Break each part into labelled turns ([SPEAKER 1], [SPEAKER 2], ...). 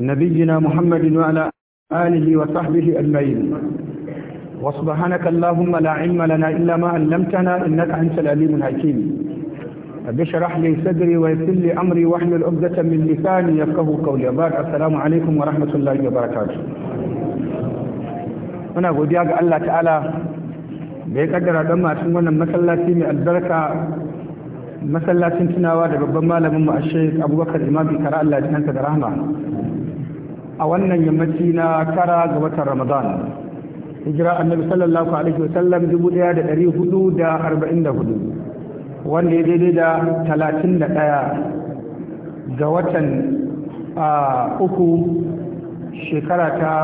[SPEAKER 1] نبينا محمد وعلى آله وصحبه أجمعين وسبحانك اللهم لا علم لنا إلا ما علمتنا إنك أنت العليم الحكيم رب اشرح لي صدري ويسر لي أمري واحلل عقدة من لساني يفقهوا قولي بارك السلام عليكم ورحمة الله وبركاته muna godiya ga Allah ta'ala da ya kaddara don masu wannan masallaci mai albarka masallacin tunawa da babban malamin mu a sheik abubakar imam bikara Allah ya da rahma a wannan yammaci na tara ga watan ramadan hijira annabi sallallahu alaihi wasallam dubu ɗaya da ɗari hudu da arba'in da hudu wanda ya daidai da talatin da ɗaya ga watan uku shekara ta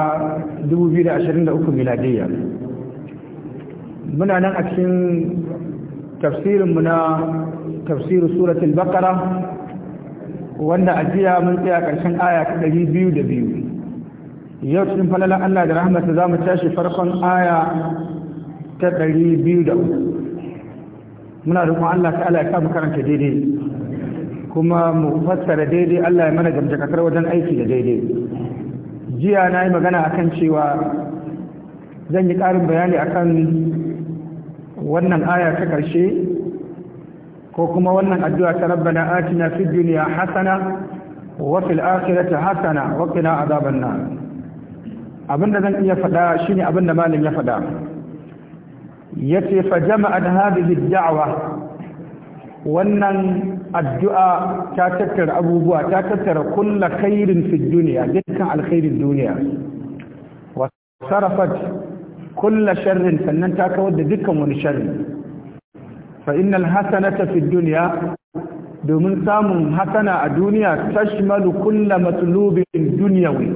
[SPEAKER 1] 2023 miladiyya muna nan a cikin tafsirinmu na tafsirin suratul baqara wanda a jiya mun tsaya ƙarshen aya ta ɗari biyu da biyu yau cikin falalan Allah da rahmatu za mu tashi farkon aya ta ɗari biyu da muna roƙon Allah ta Allah ya karanta daidai kuma mu fassara daidai Allah ya mana gamjakatar wajen aiki da daidai jiya na yi magana akan cewa zan yi ƙarin bayani akan wannan aya ta karshe ko kuma wannan addu'a ta rabbana atina fi dunya hasana wa fil hasana wa qina abinda zan iya faɗa shine abinda malam ya faɗa ce fa jama'at da ad-da'wa wannan addu'a ta tattara abubuwa ta tattara kulla kairin fi duniya dukkan alkhairin duniya Wasu sarafat kulla sharrin sannan ta kawar da dukkan wani sharri fa Hassana hasanata fid dunya domin samun Hassana a duniya tashmalu kulla matlubin dunyawi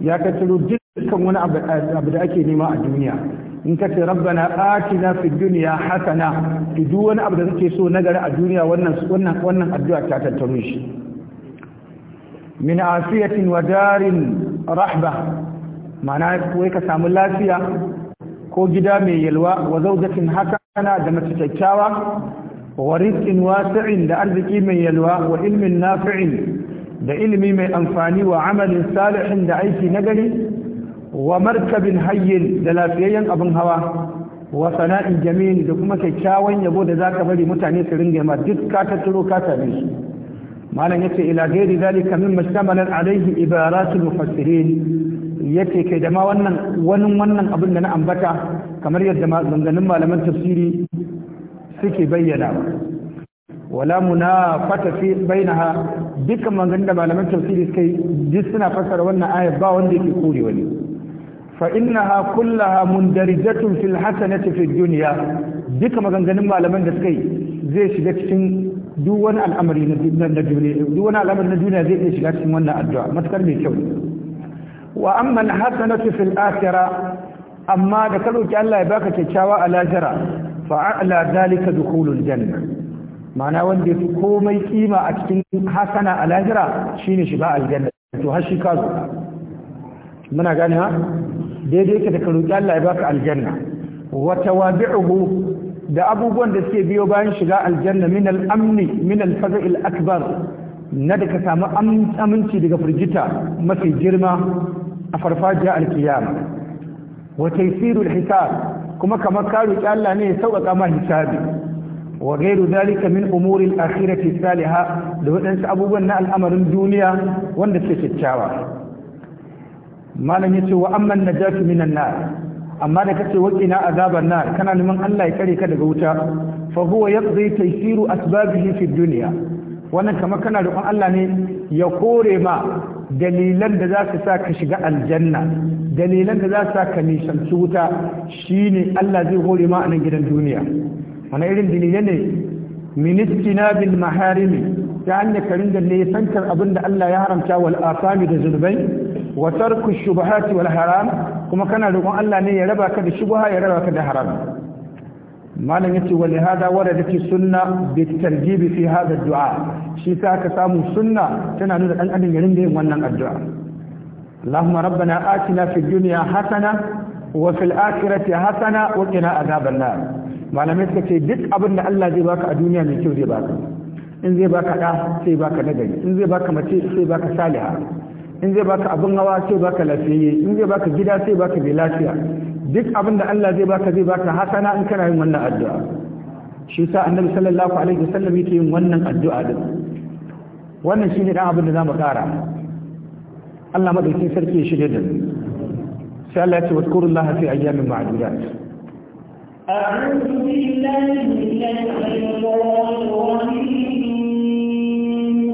[SPEAKER 1] ya ka ciro dukkan wani abu da ake nema a duniya in ka ce rabbana atina fid dunya hasana to duk wani abu da kake so nagari a duniya wannan addu'a ta tattaro shi min afiyatin wa darin rahba Mana wai ka samu lafiya ko gida mai yalwa wa zaujatin haka kana da mace kyakkyawa wa rizqin wasi'in da arziki mai yalwa wa ilmin nafi'in da ilimi mai amfani wa amalin salihin da aiki nagari wa markabin hayyin da lafiyayyen abin hawa wa sana'in jami'in da kuma kyakkyawan yabo da zaka bari mutane su ringa ma duk ka ka same shi malam yace ila gairi zalika mimma shtamalat alayhi ibaratul mufassirin yace kai da ma wannan wani wannan abin da na ambata kamar yadda maganganun malaman tafsiri suke bayyana wala fata fi bainaha dukkan maganganun da malaman tafsiri suke duk suna fassara wannan ayat ba wanda yake kore wani fa innaha kullaha mundarijatun fil hasanati fid dunya dukkan maganganun malaman da suke zai shiga cikin duk wani al'amari na duniya duk wani al'amari na duniya zai iya shiga cikin wannan addu'a matakar mai kyau wa amma al hasanatu fil akhirah amma da ka roki Allah ya baka kyakkyawa a lajira fa a'la zalika dukhulul janna ma'ana wanda ya fi komai kima a cikin hasana a lajira shine shiga aljanna to har shi ka zo muna gane ha daidai yake da ka roƙi Allah ya baka aljanna wa tawabi'uhu da abubuwan da suke biyo bayan shiga aljanna min al-amni min al-faza'il akbar na da ka samu aminci daga firgita mafi girma a farfajiya alkiyama wa taysirul hisab kuma kamar ka roki Allah ne ya sauƙaƙa ma hisabi wa ghairu zalika min umuril akhirati salihah da waɗansu abubuwan na al'amarin duniya wanda ke kyakkyawa malam yace wa amman najatu minan nar amma da kace wakina azaban nar kana neman Allah ya kare ka daga wuta fa huwa yaqdi taysiru asbabihi fi dunya wannan kamar kana roƙon Allah ne ya kore ma dalilan da za su sa ka shiga aljanna dalilan da za su sa ka nishanci wuta shine Allah zai hore ma a nan gidan duniya wani irin dalilai ne ministina bil maharimi ta hanyar karin da nisantar abin da Allah ya haramta wa asami da zunubai wa tarku shubahati wal haram kuma kana roƙon Allah ne ya raba ka da shubaha ya raba ka da haram malam yace wa lihada waradati sunna bitarjib fi hada du'a shi ta ka samu sunna tana nuna dan adam yarin da yin wannan addu'a Allahumma rabbana atina fid dunya hasana wa fil akhirati hasana wa qina adhaban nar malamai suka ce duk abin da Allah zai baka a duniya mai kyau zai baka in zai baka da sai baka nagari in zai baka mace sai baka saliha in zai baka abin hawa sai baka lafiyayye in zai baka gida sai baka mai lafiya duk abin da Allah zai baka zai baka hasana in kana yin wannan addu'a shi sa annabi sallallahu alaihi wasallam yake yin wannan addu'a din wannan shi ne dan abin da mu kara Allah madaukakin sarki ya shirye da mu sai Allah ya ce wadkurullaha fi ayyamin ma'dudat
[SPEAKER 2] أعوذ بالله من الشيطان الرجيم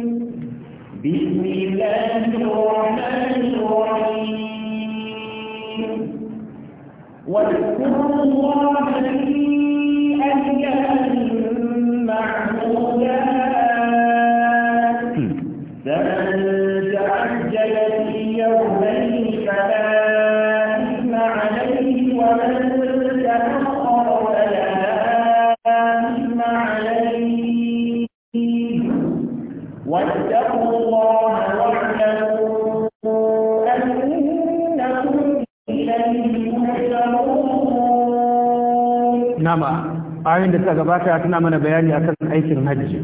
[SPEAKER 2] بسم الله الرحمن الرحيم واذكروا الله في أيام معدودات
[SPEAKER 1] nama ayoyin da suka gabata tana mana bayani akan aikin hajji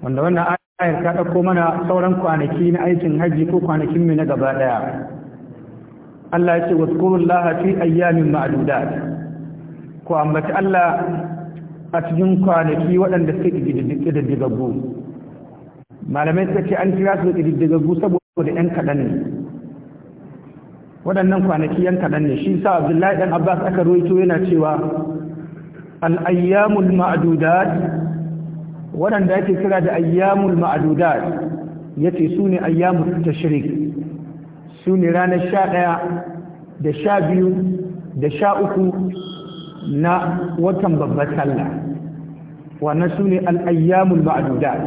[SPEAKER 1] wanda wannan ayar ta dauko mana sauran kwanaki na aikin hajji ko kwanakin mai na gaba daya Allah ya ce wazkurullaha fi ayyamin ma'dudat ko ambaci Allah a cikin kwanaki waɗanda suke kididdigaggu malamai suka ce an kira su kididdigaggu saboda ɗan kaɗan ne waɗannan kwanaki yan kaɗan ne shi sa abdullahi ɗan abbas aka ruwaito yana cewa al'ayyamul ma'adudat waɗanda ake kira da ayyamul ma'adudat ya ce su ne ayyamul tashirik su ne ranar sha ɗaya da sha biyu da sha uku na watan babbar sallah wannan su ne al'ayyamul ma'adudat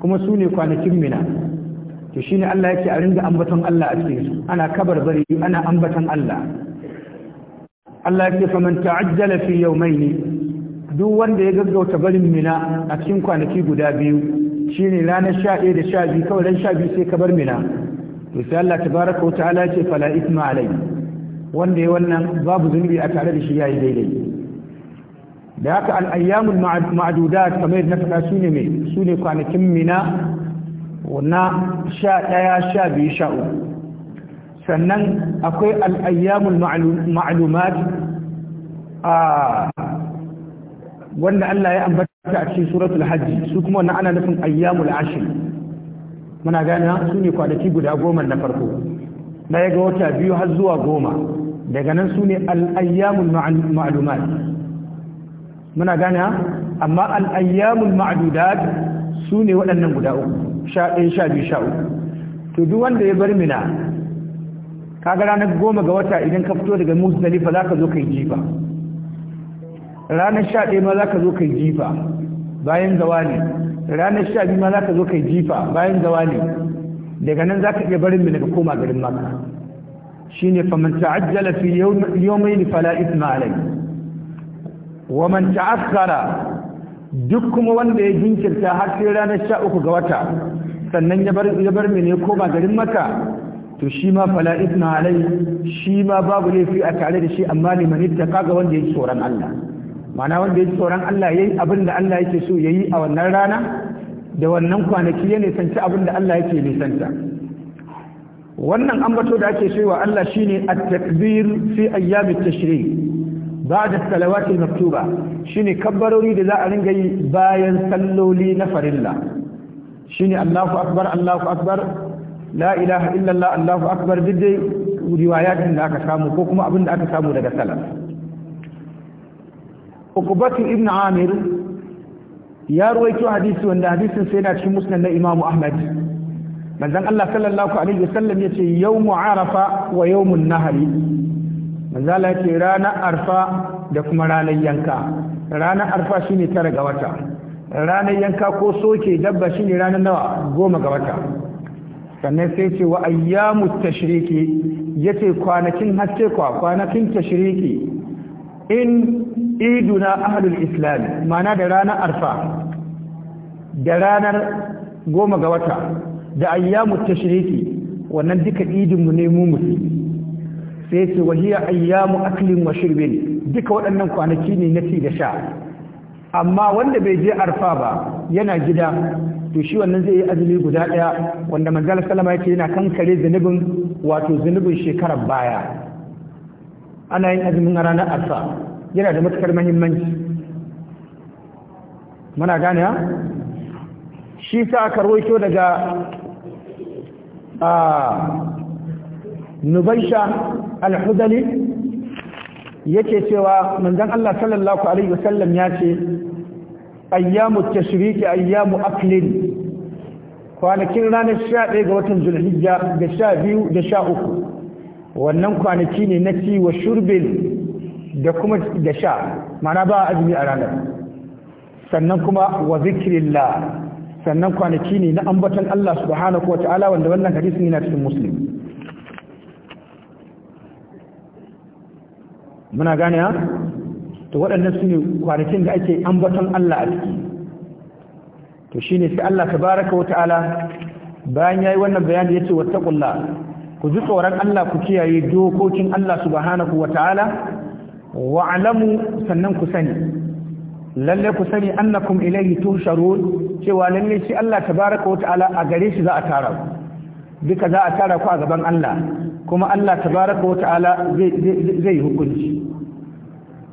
[SPEAKER 1] kuma su ne kwanakin mina to shi ne Allah yake a ringa ambaton Allah a cikinsu ana kabar bari ana ambaton Allah Allah ya ce yake faman ta'ajjala fi yawmaini duk wanda ya gaggauta barin mina a cikin kwanaki guda biyu shine ranar sha ɗaya da sha biyu kawai ran sha biyu sai ka bar mina to sai Allah baraka wa ta'ala ce fala isma alai wanda ya wannan babu zunubi a tare da shi yayi daidai da haka al ayyamul ma'dudat kamar yadda na faɗa ne mai ne kwanakin mina na sha ɗaya sha biyu sha uku sannan akwai al ayyamul ma'lumat a ah, wanda Allah ya ambata a cikin suratul hajji su kuma wannan ana nufin ayyamul ashir muna gane su ne kwanaki guda goma na farko ya ga wata biyu har zuwa goma daga nan su ne al'ayyamun ma'adumat muna gane amma al'ayyamun ma'adudat su ne waɗannan guda uku sha ɗaya sha biyu sha uku to duk wanda ya bar mina ga ranar goma ga wata idan ka fito daga ba za ka zo ka yi jifa ranar sha ɗaya ma za ka zo kai jifa bayan ne ranar sha biyu ma za ka zo kai jifa bayan ne daga nan za ka iya barin mina daga koma garin maka shi ne faman ta'ajjala fi yawmayn fala ithma alayhi wa man ta'akhkhara duk kuma wanda ya jinkirta har sai ranar sha uku ga wata sannan ya bar ya bar mina koma garin maka to shi ma fala ithma alayhi shi ma babu laifi a tare da shi amma ne ittaqa ga wanda ya tsoron Allah mana wanda ya ji tsoron Allah ya yi abin da Allah yake so ya yi a wannan rana da wannan kwanaki ya nisanci abin da Allah yake nisanta wannan ambato da ake cewa Allah shine at-takbir fi ayyamit ba ba'da salawat maktuba shine kabbarori da za a ringa yi bayan salloli na farilla shine Allahu akbar Allahu akbar la ilaha illa Allah Allahu akbar dai riwaya da aka samu ko kuma abin da aka samu daga salaf ukubatu ibn amir ya ruwaito hadisi wanda hadisin sai yana cikin musnad na imamu ahmad manzon Allah sallallahu alaihi wasallam yace yawmu arafa wa yawmun nahari manzo Allah yace rana arfa da kuma ranar yanka ranar arfa shine tara ga wata ranar yanka ko soke dabba shine ranar nawa goma ga wata sannan sai ce wa ayyamu tashriki yace kwanakin haske kwanakin tashriki in iduna ahlul islam mana da ranar arfa da ranar goma ga wata da ayyamu tashriki wannan duka idinmu ne mu musulmi sai ce wahiya ayyamu aklin wa shirbin duka waɗannan kwanaki ne na ci da sha amma wanda bai je arfa ba yana gida to shi wannan zai yi azumi guda ɗaya wanda manzala salama yake yana kankare zunubin wato zunubin shekarar baya ana yin azumin ranar arfa yana da matukar mahimmanci muna gane ya shi sa aka rawaito daga nubaisha al-hudali yake cewa manzon Allah sallallahu alaihi wasallam ya ce ayyamu tashriqi ayyamu aklin kwanakin ranar 11 ga watan zulhijja da sha biyu da sha uku. wannan kwanaki ne na ci wa shurbin da kuma da sha mana ba azumi a ranar sannan kuma wa zikirillah sannan kwanaki ne na ambaton Allah subhanahu wa ta'ala wanda wannan hadisin yana cikin muslim muna gane ha to waɗannan su ne kwanakin da ake ambaton Allah a ciki to shine sai Allah tabaraka wa ta'ala bayan yayi wannan bayani yace wattaqullah ku ji tsoron Allah ku kiyaye dokokin Allah subhanahu wa ta'ala wa'alamu sannan ku sani lalle ku sani annakum ilayhi tuhsharun cewa lalle shi Allah tabaraka wa ta'ala a gare shi za a tara ku duka za a tara ku a gaban Allah kuma Allah tabaraka wa ta'ala zai hukunci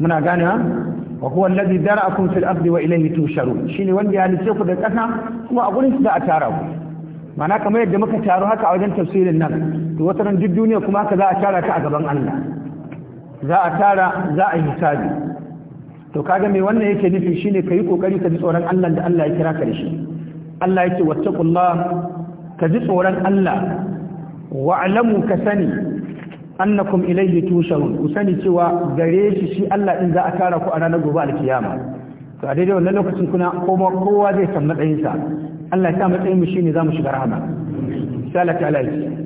[SPEAKER 1] muna gane wa huwa alladhi dara'akum fil ardi wa ilayhi tuhsharun shine wanda ya halice ku da ƙasa kuma a gurin shi za a tara ku mana kamar yadda muka taru haka a wajen tafsirin nan to wata ran duk duniya kuma haka za a tara ta a gaban Allah za a tara za a yi hisabi to kaga me wannan yake nufi shine kai kokari ka ji tsoron Allah da Allah ya kira ka da shi Allah yake wattaqullah ka ji tsoron Allah wa'lamu ka sani annakum ilayhi tusharun ku sani cewa gare shi shi Allah din za a tara ku a ranar gobe alkiyama to a daidai wannan lokacin kuna kowa kowa zai san matsayinsa Allah ya sa matsayin mu shine zamu shiga rahama sai Allah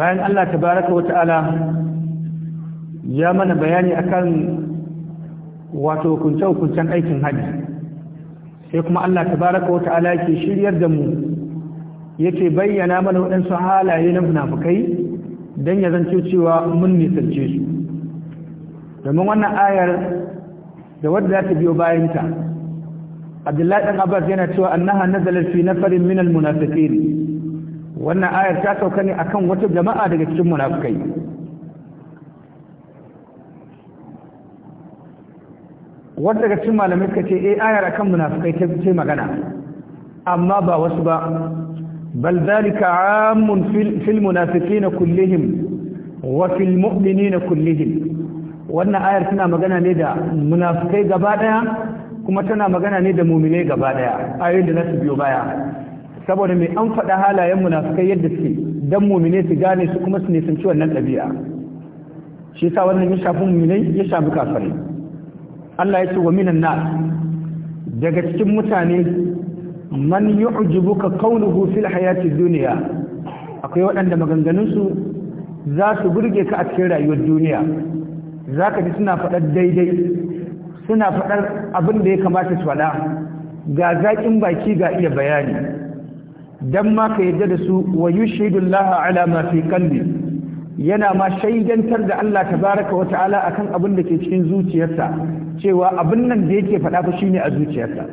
[SPEAKER 2] bayan Allah ta baraka wa ta'ala
[SPEAKER 1] ya mana bayani akan wato kunce hukuncen aikin hajji sai kuma Allah ta baraka wa ta'ala ke shiryar da mu yake bayyana mana waɗansu halaye na munafukai don ya zance cewa mun nisance su domin wannan ayar da wadda za ta biyo bayanta abdullahi dan abbas yana cewa annaha nazalat fi nafarin min almunafiqin wannan ayar ta sauka ne akan wata jama'a daga cikin munafikai wanda daga cikin malamai suka ce eh ayar akan munafikai ta ce magana amma ba wasu ba bal zalika amun fil munafiqin kullihim wa fil mu'minin kullihim wannan ayar tana magana ne da munafikai gaba daya kuma tana magana ne da muminai gaba daya ayoyin da za su biyo baya saboda mai an faɗa halayen munafikai yadda suke dan muminai su gane su kuma su nisanci wannan ɗabi'a shi yasa wannan ya shafi muminai ya shafi kafare Allah ya ce wa minan nas daga cikin mutane man yu'jibuka qawluhu fil hayati dunya akwai waɗanda maganganun su za su burge ka a cikin rayuwar duniya zaka ji suna faɗar daidai suna faɗar abin da ya kamata su faɗa ga zaƙin baki ga iya bayani don ma ka yadda da su wa yi shaidullaha ala mafi kalli yana ma shaidantar da Allah ta baraka wa ta'ala akan abin da ke cikin zuciyarsa cewa abin nan da yake faɗa fa shine a zuciyarsa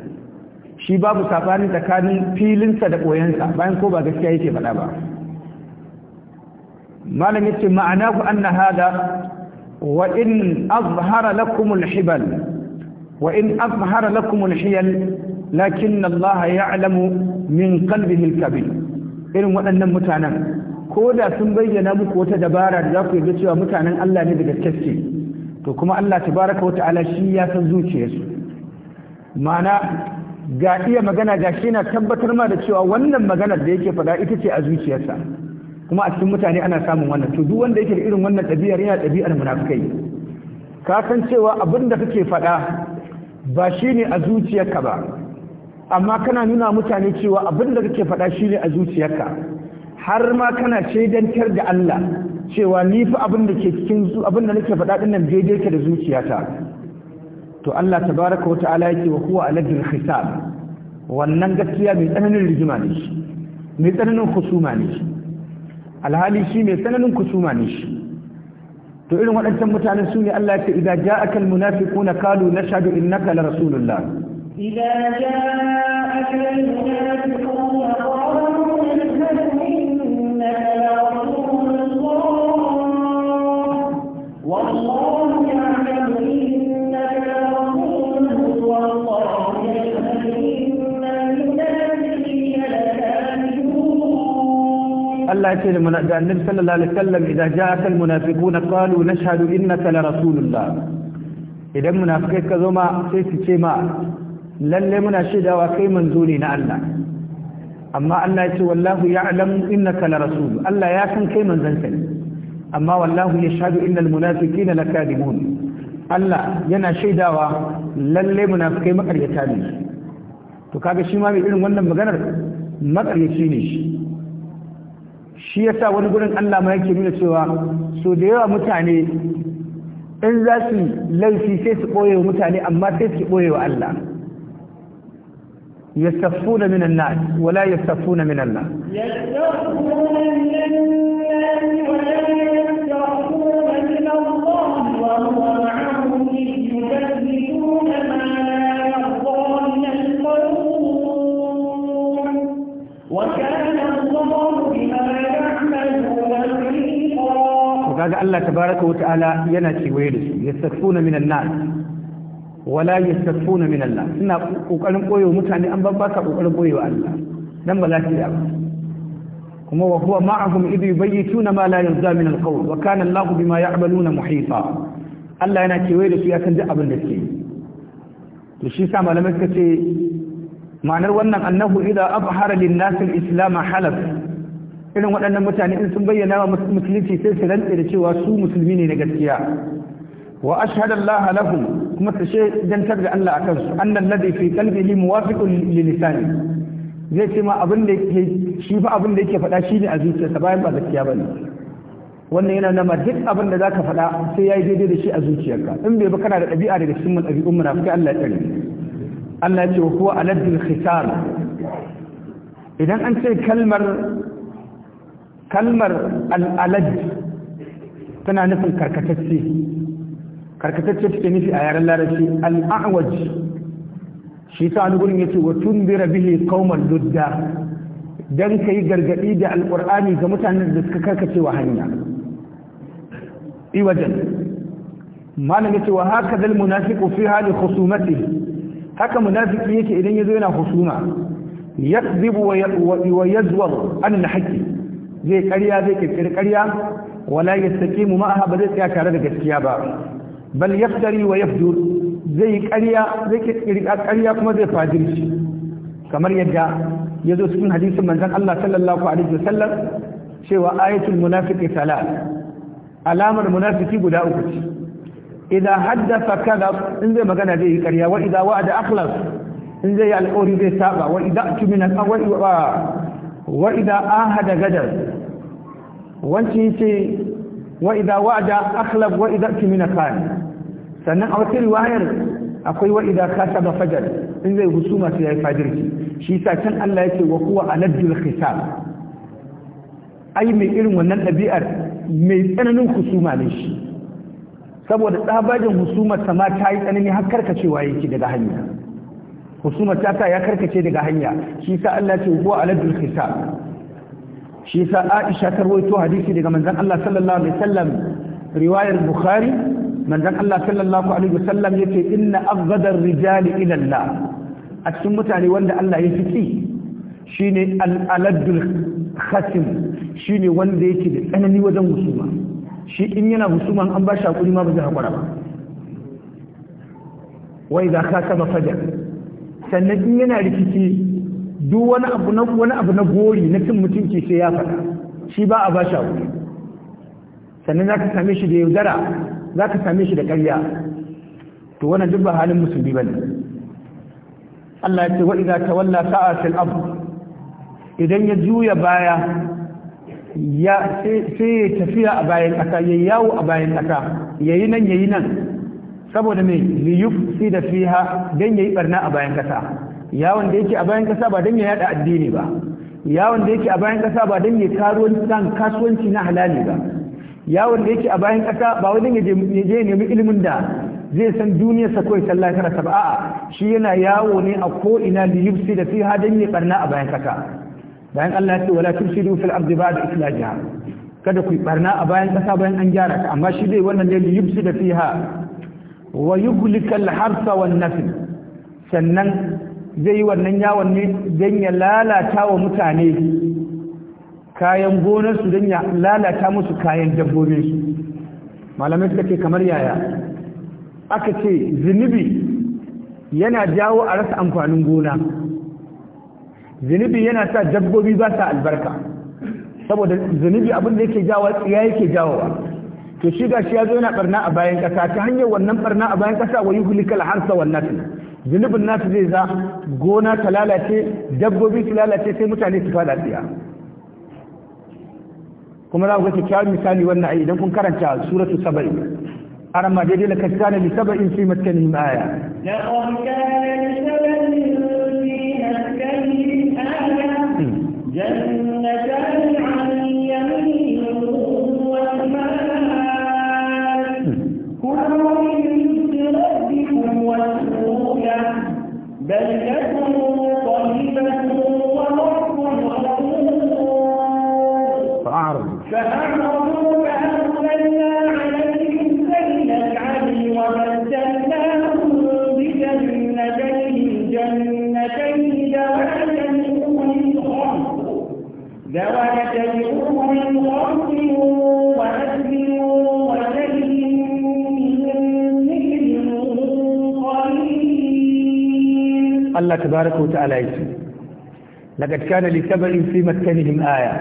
[SPEAKER 1] shi babu sabani tsakanin filinsa da ɓoyensa bayan ko ba gaskiya yake faɗa ba malam yace ma'anahu anna hada wa in azhara lakumul hibal وإن أظهر لكم الحيل لكن الله يعلم من قلبه الكبير irin waɗannan mutanen ko da sun bayyana muku wata dabara da za ku ga cewa mutanen Allah ne daga gaske to kuma Allah tabaraka wa ta'ala shi ya san zuciyarsu ma'ana ga iya magana ga shi na tabbatar ma da cewa wannan maganar da yake faɗa ita ce a zuciyarsa kuma a cikin mutane ana samun wannan to duk wanda yake da irin wannan ɗabi'ar yana ɗabi'ar munafikai ka san cewa abin da kake faɗa ba shi ne a zuciyarka ba amma kana nuna mutane cewa abin da kake faɗa shi ne a zuciyarka har ma kana shaidantar da Allah cewa ni fa abin da ke cikin abin da nake faɗa ɗin nan daidai ke da zuciyata to Allah tabaraka wata'ala yake wa huwa aladul hisab wannan gaskiya mai tsananin rigima ne shi mai tsananin kusuma ne shi alhali shi mai tsananin kusuma ne shi to irin waɗancan mutanen su ne Allah ya ce idan ja'aka almunafiquna qalu nashhadu innaka la rasulullah
[SPEAKER 2] idan ja'aka almunafiquna qalu nashhadu innaka la rasulullah والله Allah ya
[SPEAKER 1] ce da annabi sallallahu alaihi wasallam idan ja'akal munafiquna qalu nashhadu innaka la rasulullah idan munafikai ka zo ma sai su ce ma lalle muna shaidawa kai manzo ne na Allah amma Allah ya ce wallahu ya'lam innaka la rasul Allah ya san kai manzon sa ne amma wallahu yashhadu innal munafiqina lakadibun Allah yana shaidawa lalle munafikai makaryata ne to kaga shi ma mai irin wannan maganar makaryaci ne shi shi ya sa wani gurin Allah ma yake nuna cewa so da yawa mutane in za su laifi sai su ɓoye wa mutane amma sai su ɓoye wa Allah ya safu na minan na wala ya safu na minan na
[SPEAKER 2] What's okay. kaga Allah tabaraka wa
[SPEAKER 1] ta'ala yana kewaye da su yastakfuna minan nas wala yastakfuna minan nas suna kokarin koyo mutane an babba ka kokarin koyo Allah dan ba za su ba kuma wa huwa ma'ahum idh yubayyituna ma la yarda min al-qawl wa kana Allah bima ya'maluna muhita Allah yana kewaye da su ya san duk abin da suke to shi sa malamai suka ce ma'anar wannan annahu idza abhara lin nas al-islam halaf irin waɗannan mutane in sun bayyana wa musulunci sai su rantse da cewa su musulmi ne na gaskiya wa ashhadu Allah lahum kuma su dantar da Allah akan su annal ladhi fi qalbihi muwafiqun li lisani zai ce ma abin da yake shi fa abin da yake faɗa shi ne a zuciyarsa bayan ba gaskiya bane wannan yana nama duk abin da zaka faɗa sai yayi daidai da shi a zuciyarka in bai ba kana da ɗabi'a daga cikin ɗabi'un munafiki Allah ya tsare Allah ya ce wa huwa aladul khitar idan an ce kalmar kalmar al'alad tana nufin karkatacce karkatacce take nufi a yaren larabci al'awaj shi ta wani gurin yace wa tun tunzira bihi qauman ludda dan kai gargadi da alqur'ani ga mutanen da suka karkace wa hanya iwajan malam yace wa haka zal munafiqu fi hali khusumati haka munafiki yake idan yazo yana khusuma yakzibu wa yazwar an al-haqqi zai karya zai kirkiri karya wala yastaqimu ma'aha ba zai tsaya tare da gaskiya ba bal yaftari wa yafjur zai karya zai kirkiri karya kuma zai fajirci kamar yadda ya zo cikin hadisin manzon Allah sallallahu alaihi wasallam cewa ayatul munafiqi salat alamar munafiki guda uku ce idan haddasa kadab in zai magana zai yi karya wa idan wa'ada akhlas in zai yi alƙawari zai saba wa idan tumina wa wa idan ahada gadar wancan ce wa idza wa'ada akhlaf wa idza timina khan sannan a wata riwayar akwai wa idza khashaba fajar in zai husuma sai yayi fajirki shi yasa can Allah yake wa huwa aladul khisab ai mai irin wannan dabi'ar mai tsananin husuma ne shi saboda tsabajin husumar ta ma ta yi tsanani har karkacewa yake daga hanya husumar ta ta ya karkace daga hanya shi sa Allah ce huwa aladul khisab shi sa Aisha ta rawaito hadisi daga manzon Allah sallallahu alaihi wasallam riwayar Bukhari manzon Allah sallallahu alaihi wasallam yace inna afdhal rijal ila Allah a cikin mutane wanda Allah ya fiki shine al-aladul khatim shine wanda yake da tsanani wajen husuma shi in yana husuma an ba shi hakuri ma ba zai hakura ba wa idza khatama fajar sannan in yana rikici duk wani abu na wani abu na gori na cin mutunci sai ya faɗa shi ba a bashi abu sannan za ka same shi da yaudara za ka same shi da ƙarya to wani duk ba halin musulmi ba ne. Allah ya ce wa idza tawalla sa'a fil abu. idan ya juya baya ya sai ya tafiya a bayan ƙasa ya yawo a bayan ƙasa ya yi nan ya yi nan saboda mai liyuf si da fiha don ya yi barna a bayan ƙasa yawon da yake a bayan kasa ba don ya yada addini ba yawon da yake a bayan kasa ba don ya kasuwanci na halali ba yawon da yake a bayan kasa ba wajen ya je nemi ilimin da zai san duniyar sa kawai sallah tara sab'a shi yana yawo ne a ko ina da yubsi da fi hadin ya barna a bayan kasa bayan Allah ya ce wala tusidu fil ardi ba'da islahiha kada ku barna a bayan kasa bayan an gyara ta amma shi dai wannan dai yubsi da fiha wa yuhlika harsa wan nafl sannan zai yi wannan yawon ne don ya lalata wa mutane kayan gonarsu don ya lalata musu kayan dabbobinsu malamai suka ce kamar yaya aka ce zunubi yana jawo a rasa amfanin gona zunubi yana sa dabbobi ba sa albarka saboda zunubi abin da yake jawo ya yake ba. to shi shi ya zo yana barna a bayan kasa ta hanyar wannan barna a bayan kasa wa hulikal har sa wannan. zunubin nasu zai za gona ta lalace dabbobi su lalace sai mutane su fada tsiya kuma za ku ga kyawun misali wannan ayi idan kun karanta suratu saba'in arama daidai la kasana li saba'in fi matkanihim aya
[SPEAKER 2] laqad kana
[SPEAKER 1] Allah tabaraka wa ta'ala yake laqad kana li sabarin fi maskanihim aya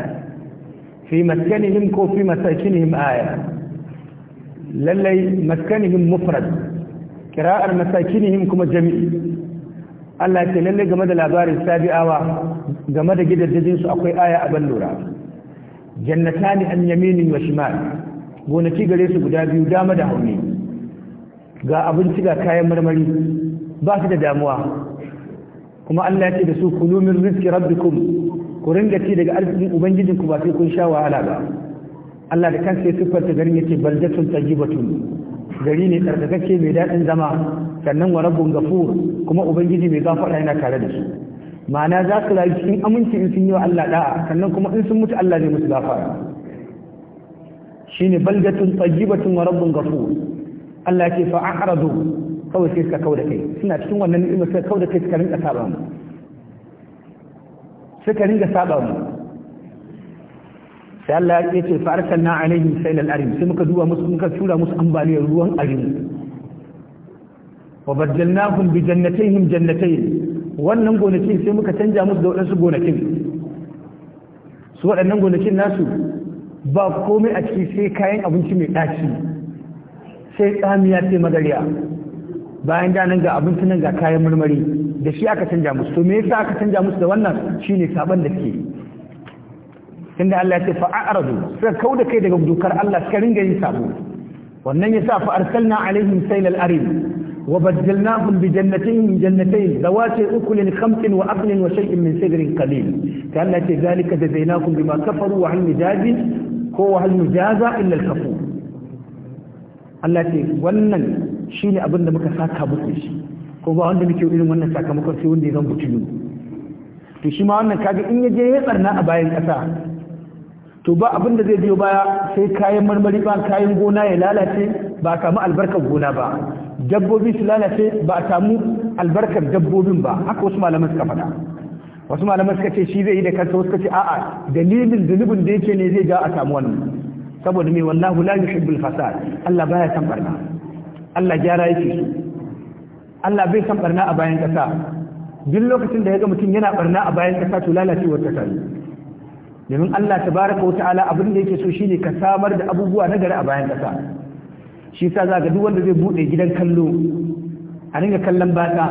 [SPEAKER 1] fi maskanihim ko fi masakinihim aya lallai maskanihim mufrad kira'ar masakinihim kuma jami'i Allah ce lallai game da labarin sabi'awa game da gidajen su akwai aya a ban lura jannatani an yaminin wa shimal gonaki gare su guda biyu dama da hauni ga abinci ga kayan marmari ba su da damuwa kuma Allah ya ce da su kulu min Rizki rabbikum ku ringa ci daga arzikin ubangijinku ba sai kun sha wahala ba Allah da kansa ya siffanta garin yace baldatun tayyibatun gari ne tsarkakakke mai daɗin zama sannan wa rabbun gafur kuma ubangiji mai gafara yana tare da su ma'ana za su rayu cikin aminci in sun yi wa Allah da'a sannan kuma in sun mutu Allah zai musu gafara shine baldatun tayyibatun wa rabbun gafur Allah ya ce fa a'radu kawai sai suka kauda kai suna cikin wannan ni'ima suka kauda kai suka rinka saba mu suka rinka saba mu sai Allah ya ce fa arsalna alaihim sailal arim sai muka duba musu muka tura musu ambaliyar ruwan arim wa badalnahum bi jannatayhim jannatayn wannan gonakin sai muka canja musu da wadansu gonakin su waɗannan gonakin nasu ba komai a ciki sai kayan abinci mai ɗaci sai tsamiya sai magariya bayan da nan ga abinci nan ga kayan marmari da shi aka canja musu to me yasa aka canja musu da wannan shine saban da suke tunda Allah ya ce fa'aradu suka kauda kai daga dokar Allah ka ringa yin sabo wannan yasa fa arsalna alaihim sailal arim وبدلناهم بجنتين جنتين ذوات أكل خمس وأقل وشيء من سدر قليل كان ذلك جزيناكم بما ko وعن مزاج هو هل مجازى إلا الكفور ce wannan. shine abin da muka saka muku shi ko ba wanda muke irin wannan sakamakon sai wanda ya zan butulu to shi ma wannan kaga in ya je ya tsarna a bayan kasa. to ba abin zai biyo baya sai kayan marmari ba kayan gona ya lalace ba a samu albarkar gona ba dabbobi su lalace ba a samu albarkar dabbobin ba haka wasu malaman suka faɗa wasu malaman suka ce shi zai yi da kansa wasu suka ce a'a dalilin zunubin da yake ne zai ja a samu wannan saboda mai wallahu la yuhibbul fasad Allah baya san barna Allah gyara yake su Allah bai san barna a bayan ƙasa duk lokacin da ya ga mutum yana barna a bayan ƙasa to lalacewar ta tayi domin Allah tabaraka wa ta'ala abin da yake so shine ka samar da abubuwa na gari a bayan ƙasa shi yasa za duk wanda zai bude gidan kallo a ringa kallon bata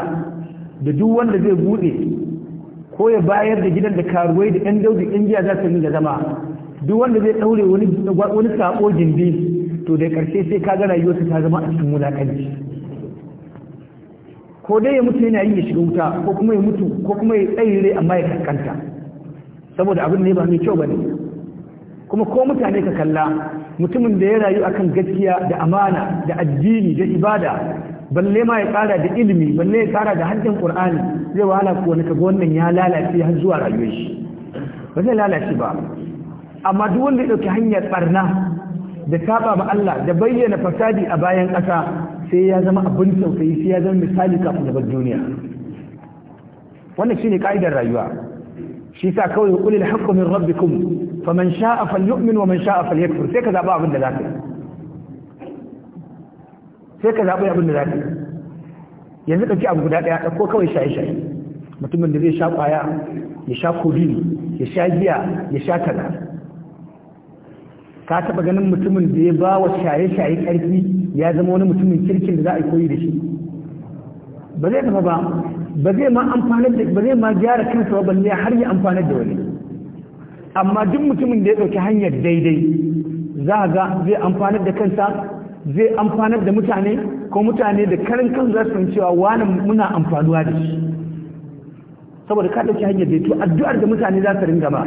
[SPEAKER 1] da duk wanda zai bude ko ya bayar da gidan da karuwai da ɗan daudu jiya za su ringa zama duk wanda zai ɗaure wani wani sako gindi to da karshe sai ka ga rayuwarsa ta zama a cikin mulakanci ko dai ya mutu yana yi ya shiga wuta ko kuma ya mutu ko kuma ya tsayire amma ya kankanta saboda abin ne ba mai kyau bane kuma ko mutane ka kalla mutumin da ya rayu akan gaskiya da amana da addini da ibada balle ma ya kara da ilimi balle ya kara da haddin qur'ani zai wahala ko wani kaga wannan ya lalace har zuwa rayuwar shi ba zai lalace ba amma duk wanda ya ɗauki hanyar ɓarna da saba ma Allah da bayyana fasadi a bayan ƙasa sai ya zama abin tausayi sai ya zama misali kafin ya bar duniya wannan shine ka'idar rayuwa shi sa kawai qulil haqqu min rabbikum faman sha'a falyu'min wa man sha'a falyakfur sai ka zaba abin da zaka sai ka zaba abin da zaka yanzu dauki abu guda daya ko kawai shaye shaye mutumin da zai sha kwaya ya sha kodini ya sha giya ya sha kaza ka taɓa ganin mutumin da ya ba wa shaye-shaye ƙarfi ya zama wani mutumin kirkin da za a koyi da shi ba zai taɓa ba ba zai ma amfanar da ba zai ma gyara kansa ba balle har ya amfanar da wani amma duk mutumin da ya ɗauki hanyar daidai za ga zai amfanar da kansa zai amfanar da mutane ko mutane da karin kansu za su cewa wani muna amfanuwa da shi saboda ka ɗauki hanyar da to addu'ar da mutane za su ringa ba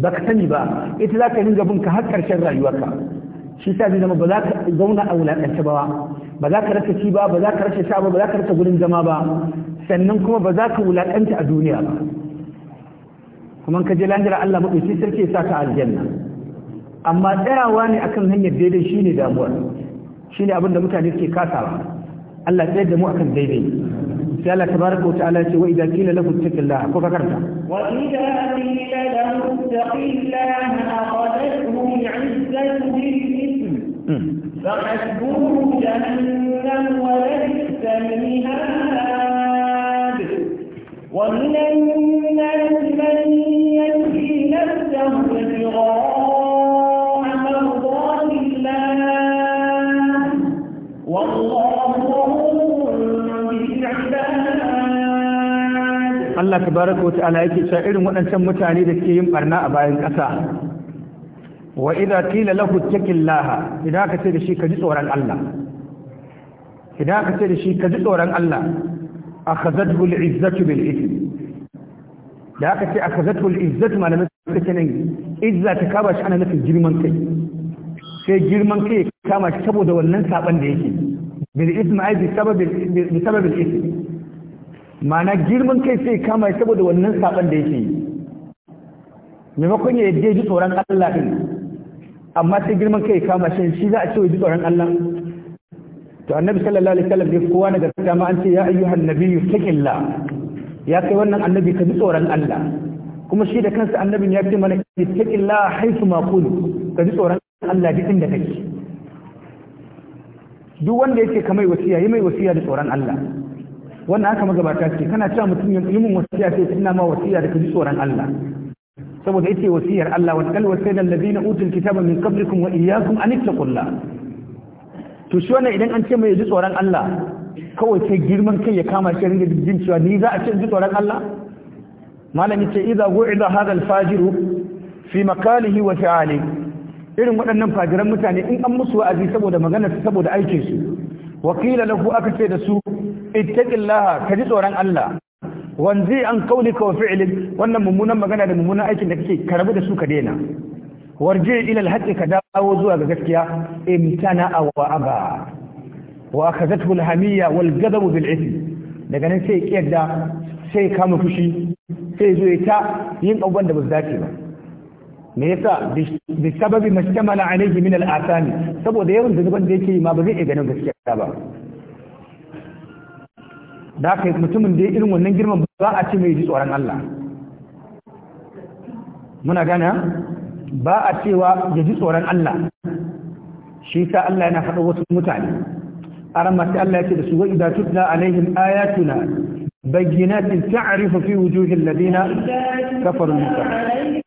[SPEAKER 1] ba ka sani ba ita za ka ringa bin ka har ƙarshen rayuwarka shi ta zama ba za ka zauna a wulaƙance ba ba za ka rasa ci ba ba za ka rasa sha ba ba za ka rasa gurin zama ba sannan kuma ba za ka wulaƙanta a duniya ba kuma ka je lahira Allah maɗauki sarki ya sa ka aljanna amma tsayawa ne akan hanyar daidai shine damuwar shine abin da mutane suke kasawa Allah tsayar da mu akan daidai قال تبارك وتعالى وإذا قيل له اتق الله كيف
[SPEAKER 2] وإذا قيل له اتق الله أخذته العزة بالإثم فحسبوه جهنم وليس المهاد ومن الناس
[SPEAKER 1] Allah tabaraka wa ta'ala yake cewa irin waɗancan mutane da ke yin barna a bayan ƙasa wa idza qila lahu taqillaha idan ka ce da shi ka ji tsoron Allah idan ka ce da shi ka ji tsoron Allah akhadhathu al-izzatu bil ithm da aka ce akhadhathu al-izzatu malamin suka ce nan izza ta kaba shi ana nufin girman kai sai girman kai kama shi saboda wannan saban da yake bil ithm ai bi sababil bi sababil ithm mana girman kai sai kama saboda wannan saban da yake maimakon ya yadda ji tsoron Allah din amma sai girman kai kama shi shi za a ce ji tsoron Allah to annabi sallallahu alaihi wasallam bai kowa na gaskiya ma an ce ya ayyuhan nabiyyu taqillah ya kai wannan annabi ka ji tsoron Allah kuma shi da kansa annabin ya ce mana taqillah haythu ma kuntu ka ji tsoron Allah duk inda kake duk wanda yake kamar wasiya yi mai wasiya da tsoron Allah wannan haka magabata ce kana cewa mutum ya yi mun wasiya sai tuna ma wasiya da kaji tsoron Allah saboda yace wasiyar Allah wa qal wasayna allazina utul kitaba min qablikum wa iyyakum an ittaqullah to shi wannan idan an ce mai ji tsoron Allah kawai sai girman kai ya kama shi ringa jin cewa ni za a ce ji tsoron Allah malami ce idza wu'ida hadha al-fajiru fi makalihi wa fi'alihi irin waɗannan fajiran mutane in an musu wa'azi saboda maganar saboda aikin su wakila lahu aka ce da su ittaqillaha ka ji tsoron Allah wanzi an qaulika wa fi'lik wannan mummunan magana da mummunan aikin da kake karabu da su ka daina warje ila alhaqi ka dawo zuwa ga gaskiya imtana wa aba wa akhadhathu alhamiyya wal ghadab bil ithm daga nan sai kiyarda sai kama fushi sai zo ta yin abubuwan da ba su dace ba me yasa bi sababi mashtamala alayhi min al'athani saboda yawan zunuban da yake ma ba zai iya ganin gaskiya ba da yi mutumin da ya irin wannan girman ba a ce mai ji tsoron Allah muna gana ba a cewa ya ji tsoron Allah shi ta Allah yana faɗo wasu mutane a ramata Allah ya ce da su wa idatun na alaihim ayatuna بينات تعرف في وجوه الذين كفروا
[SPEAKER 2] mutane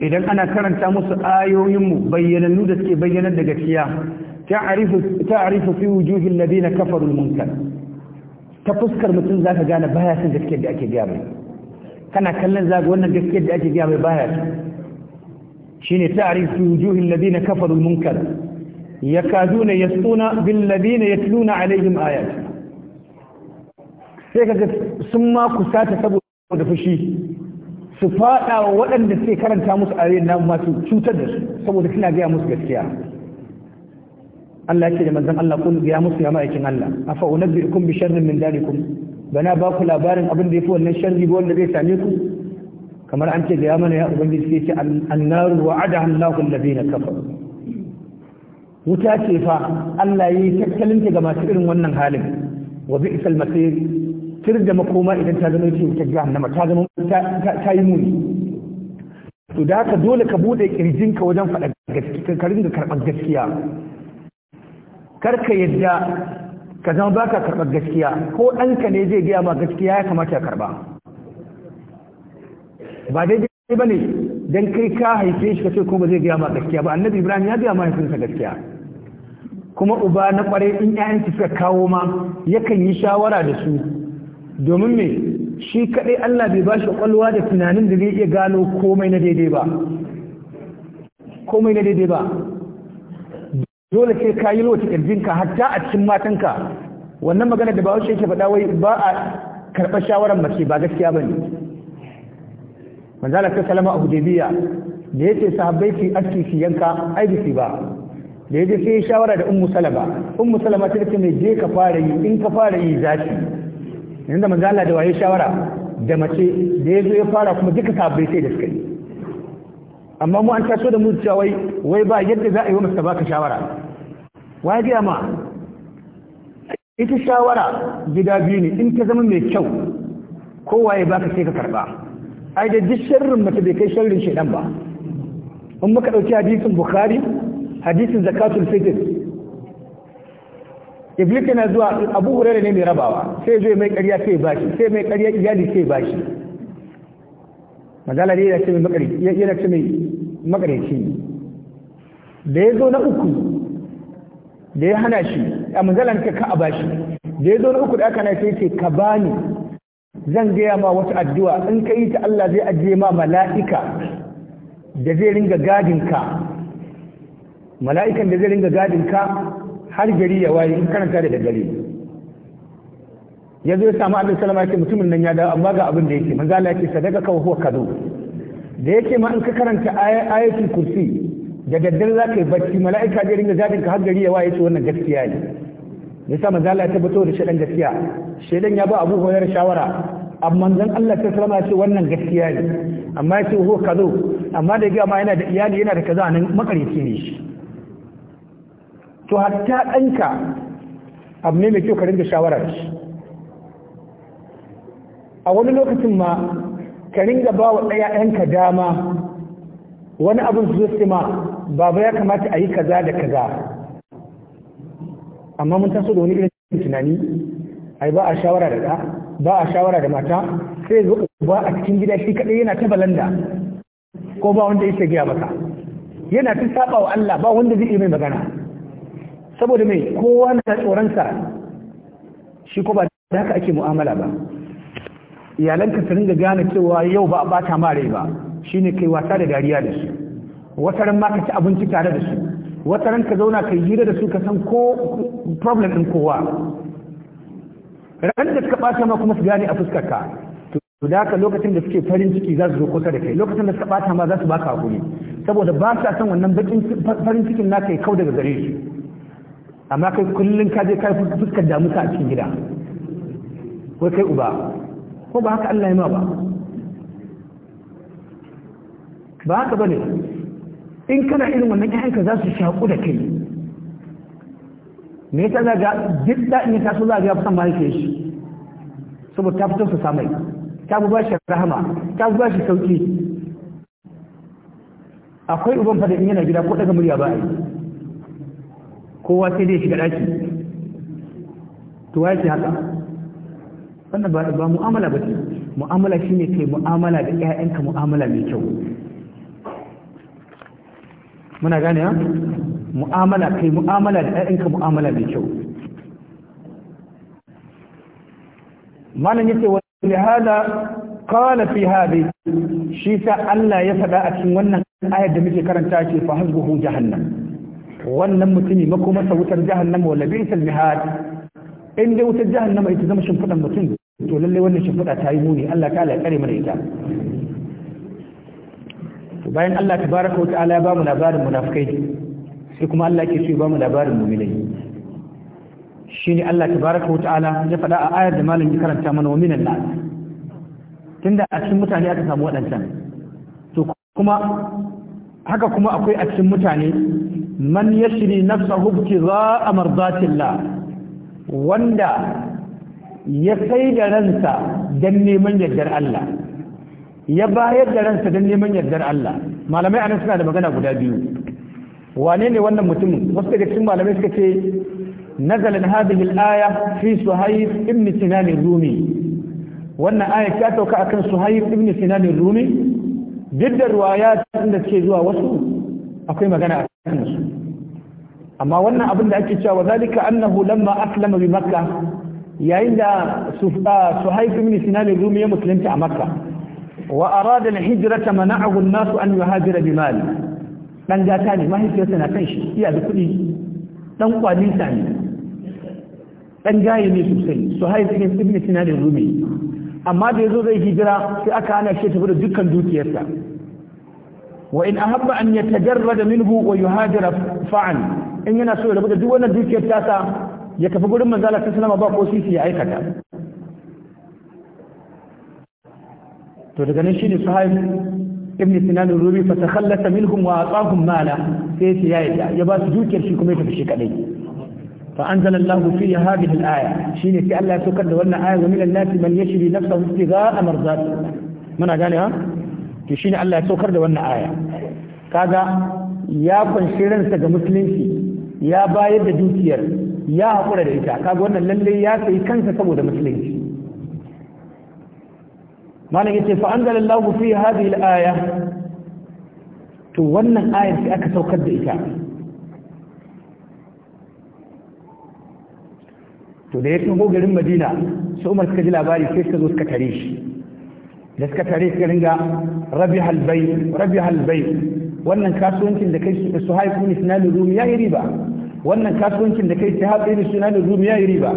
[SPEAKER 1] idan ana karanta musu ayoyinmu bayyanannu da suke bayyanar da gaskiya ta'arifu fi wujuhil ladina kafar munkar ta fuskar mutum za ka gane baya san gaskiyar da ake gaya mai kana kallon zaga wannan gaskiyar da ake gaya mai baya ta ta'arifu fi wujuhil ladina kafaru munkar ya suna bin ladina ya yatluna alaihim ayat sai kaga sun ma kusata saboda fushi su faɗa wa waɗanda suke karanta musu yin namu masu cutar da su saboda suna gaya musu gaskiya Allah ya ce da manzan Allah kun gaya musu ya ma'aikin Allah biyu kun bi sharrin min dalikum bana ba ku labarin abin da ya fi wannan sharri ba wanda zai same ku kamar an ce gaya mana ya ubangiji sai ce annaru wa'ada Allahu na kafa. wuta ce fa Allah ya yi tattalinta ga masu irin wannan halin wa bi'sal masir tir da makoma idan ta zama ce wutar jahannama ta zama ta yi muni to da haka dole ka bude kirjinka wajen faɗa gaskiya ka ringa karɓar gaskiya kar ka yadda ka zama baka karɓar gaskiya ko ɗanka ne zai gaya ma gaskiya ya kamata ya karɓa ba dai ba ne don kai ka haife shi ka ce ko ba zai gaya ma gaskiya ba annabi ibrahim ya gaya mahaifinsa gaskiya kuma uba na kware in ƴaƴansu suka kawo ma yakan yi shawara da su domin me shi kaɗai Allah bai ba shi kwalwa da tunanin da zai iya gano komai na daidai ba komai na daidai ba dole sai ka yi lota ka hatta a cikin matan ka wannan magana da bahaushe yake faɗa wai ba a karɓar shawarar mace ba gaskiya ba ne manzala ta salama a dabiya da yace sahabbai ki aski fi yanka aibisi ba da yaje sai shawara da ummu salama ummu salama ta ce mai je ka fara yi in ka fara yi zaki yanzu manzo Allah da waye shawara da mace da yazo ya fara kuma duka sabbai sai da kai amma mu an taso da mu cewa wai wai ba yadda za a yi wa masa baka shawara waye ga ma ita shawara gida biyu ne in ta zama mai kyau kowa baka sai ka karba ai da duk sharrin mace bai kai sharrin shedan ba in muka dauki hadisin bukhari hadisin zakatul fitr iblis yana zuwa abu hurare ne mai rabawa sai zai mai ƙarya sai bashi sai mai ƙarya iyali sai bashi mazala ne yana ce mai makareci da ya zo na uku da ya hana shi a mazalan ka ka a bashi da ya zo na uku da aka na sai ce ka bani zan gaya ma wata addu'a in ka yi ta Allah zai ajiye ma mala'ika da zai ringa gadinka mala'ikan da zai ringa gadinka har gari ya waye in karanta da gari ya ya samu abin salama yake mutumin nan ya dawo amma ga abin da yake manzo Allah yake sadaka ka huwa kadu da yake ma in ka karanta ayatul kursi da daddare za ka yi bacci mala'ika da ringa zabin ka har gari ya waye ce wannan gaskiya ne ya sa manzo Allah ya tabbato da shedan gaskiya shedan ya ba Abu Hurairah shawara amma manzon Allah ta ya ce wannan gaskiya ne amma ya ce ho kazo amma da ga ma yana da iyali yana da kaza nan makarici ne shi to hatta ɗanka abu ne mai kyau ka ringa shawara shi a wani lokacin ma ka ringa ba wa ɗaya ɗanka dama wani abin su zai ma baba ya kamata a yi kaza da kaza amma mun taso da wani irin tunani ai ba a shawara da ɗa ba a shawara da mata sai zo ba a cikin gida shi kaɗai yana ta balanda ko ba wanda ya ba ka. yana ta saba wa Allah ba wanda zai yi mai magana saboda mai kowa na tsoronsa shi ko ba da haka ake mu'amala ba iyalanka su ringa gane cewa yau ba a bata ma rai ba shine kai wasa da dariya da su wata ran ma ka ci abinci tare da su wata ran ka zauna ka hira da su ka san ko problem din kowa ran da suka bata ma kuma su gane a fuskar ka to da haka lokacin da suke farin ciki za su zo kusa da kai lokacin da suka bata ma za su baka hakuri saboda ba sa son wannan bakin farin cikin naka ya kau daga gare shi amma kai kullum ka je kai fuskar damu ka a cikin gida ko kai uba ko ba haka Allah ya ma ba ba haka bane in kana irin wannan ƴaƴanka za su shaƙu da kai me yasa za ga duk in ta so za ga san mahaifiyar shi saboda ta fito su samai ta bu bashi rahama ta bu bashi sauki akwai uban fada in yana gida ko daga murya ba a yi kowa sai dai shiga ɗaki to ya shi haka wannan ba ba mu'amala ba ce mu'amala shine kai mu'amala da ƴaƴanka mu'amala mai kyau muna gane ha mu'amala kai mu'amala da ƴaƴanka mu'amala mai kyau malam yace wa hada qala fi hadi shi sa Allah ya faɗa a cikin wannan ayar da muke karanta ce fa hasbuhu jahannam wannan mutumi makomarsa wutar jahannama wala bi'sal mihad in dai wutar jahannama ita zama shimfiɗan mutum to lallai wannan shimfiɗa ta yi muni Allah ta'ala ya kare mana ita bayan Allah tabaraka wa ta'ala ya ba mu labarin munafikai sai kuma Allah ke so ya ba mu labarin mu'minai ne Allah tabaraka wa ta'ala ya faɗa a ayar da malamin karanta mana wa minan tunda a cikin mutane aka samu waɗancan to kuma haka kuma akwai a cikin mutane man yashri nafsahu ibtigha'a mardatillah wanda ya sai da ransa dan neman yardar Allah ya bayar da ransa dan neman yardar Allah malamai anan suna da magana guda biyu wane ne wannan mutumin wasu daga cikin malamai suka ce nazalan hadhihi aya fi suhayf ibn sinan rumi wannan aya ta tauka akan suhayf ibn sinan rumi duk da riwaya da suke zuwa wasu akwai magana kansu amma wannan abin da ake cewa zalika annahu lamma aslama bi makka yayin da su ah, haifi sinan al-rumi ya musulunta a makka wa arada al-hijrata mana'ahu an-nas an yuhajira bi mal dan gata ne mahaifiyarsa na kan shi iya da kuɗi dan kwalinsa ne dan gaye ne sosai su haifi sinan al-rumi amma da yazo zai hijira sai aka hana shi tafi da dukkan dukiyarsa wa in ahabba an yatajarrada minhu wa yuhajira fa'al in yana so ya rabu duk wannan dukiyar tasa ya tafi gurin manzo Allah sallallahu alaihi ba ko sisi ya aikata to daga nan shine sahib ibn sinan rubi fa takhallasa minhum wa atahum mala sai ya yaya ya ba su dukiyar shi kuma ya tafi shi kadai fa anzala Allah fi hadhihi al-aya shine sai Allah ya saukar da wannan aya wa minan nasi man yashri nafsahu istigha'a marzati muna gane ha to shine Allah ya saukar da wannan aya kaga ya kunshi ransa ga musulunci ya bayar da dukiyar ya haƙura da ita kaga wannan lalle ya sayi kansa saboda musulunci malam yace fa anzalallahu fi hadhihi al-aya to wannan ayar sai aka saukar da ita to da ya shigo garin Madina su Umar suka ji labari sai suka zo suka tare shi da suka tare suka ringa rabi halbai rabi halbai wannan kasuwancin da kai su haifu ne suna lurumi ya yi riba wannan kasuwancin da kai su haɗe ne suna lurumi ya yi riba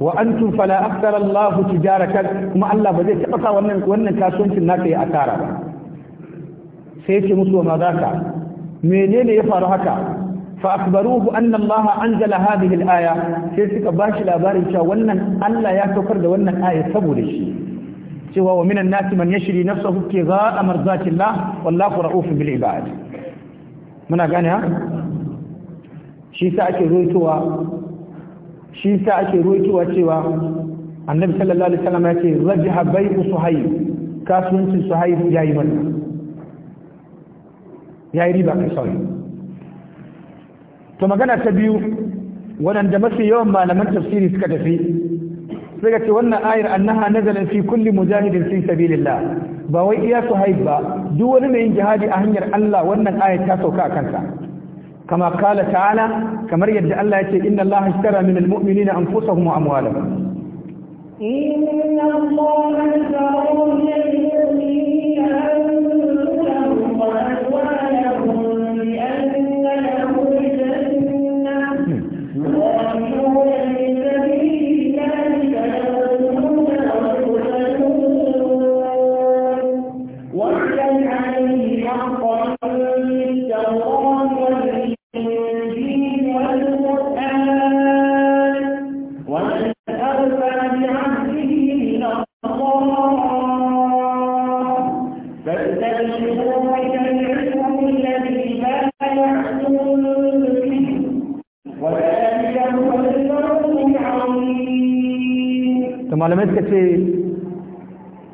[SPEAKER 1] wa an antum fala aksara Allah tijaratan kuma Allah ba zai taɓa sa wannan wannan kasuwancin naka ya asara ba sai ya ce musu wa maza ka menene ya faru haka fa akbaruhu anna Allah anzala hadhihi al-aya sai suka bashi labarin cewa wannan Allah ya saukar da wannan aya saboda shi cewa wa minan nasi man yashri nafsahu ibtigha'a marzatillah wallahu ra'ufun bil ibad muna gane ha shi sa ake ruwaitowa shi sa ake ruwaitowa cewa annabi sallallahu alaihi wasallam ya ce rajaha bai'u suhayb kasuwancin suhayb yayi wannan yayi riba kai sauri to magana ta biyu waɗanda mafi yawan malaman tafsiri suka tafi sai ga ce wannan ayar annaha nazalan fi kulli mujahidin fi sabilillah ba wai iya su ba duk wani mai yin jihadi a hanyar Allah wannan ayar ta sauka a kansa kama kala ta'ala kamar yadda Allah ya ce inna Allah ishtara min almu'minina anfusahum wa amwalahum
[SPEAKER 2] inna Allah ishtara min malamai suka
[SPEAKER 1] ce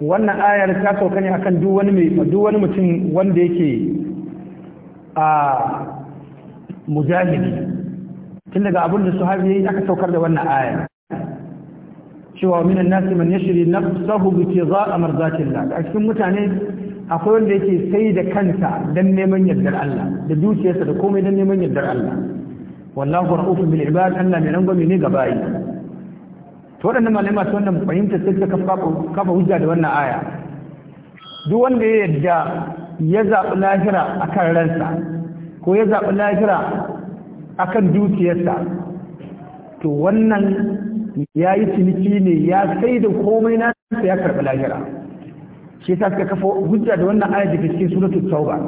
[SPEAKER 1] wannan ayar ta sauka ne akan duk wani duk wani mutum wanda yake a mujahidi tun daga abin da sahabi yayi aka saukar da wannan aya cewa minan nasi man yashri nafsahu bi tiza'a marzatillah a cikin mutane akwai wanda yake sai da kanta dan neman yardar Allah da dukiyarsa da komai dan neman yardar Allah wallahu ra'ufun bil ibad Allah mai rangwame ne ga bayi to waɗannan malamai masu wannan fahimtar sai suka kafa hujja da wannan aya duk wanda ya yadda ya zaɓi lahira akan ransa ko ya zaɓi lahira akan dukiyarsa to wannan ya yi ciniki ne ya sai da komai na ya karɓi lahira shi ta suka kafa hujja da wannan aya da cikin suratul tauba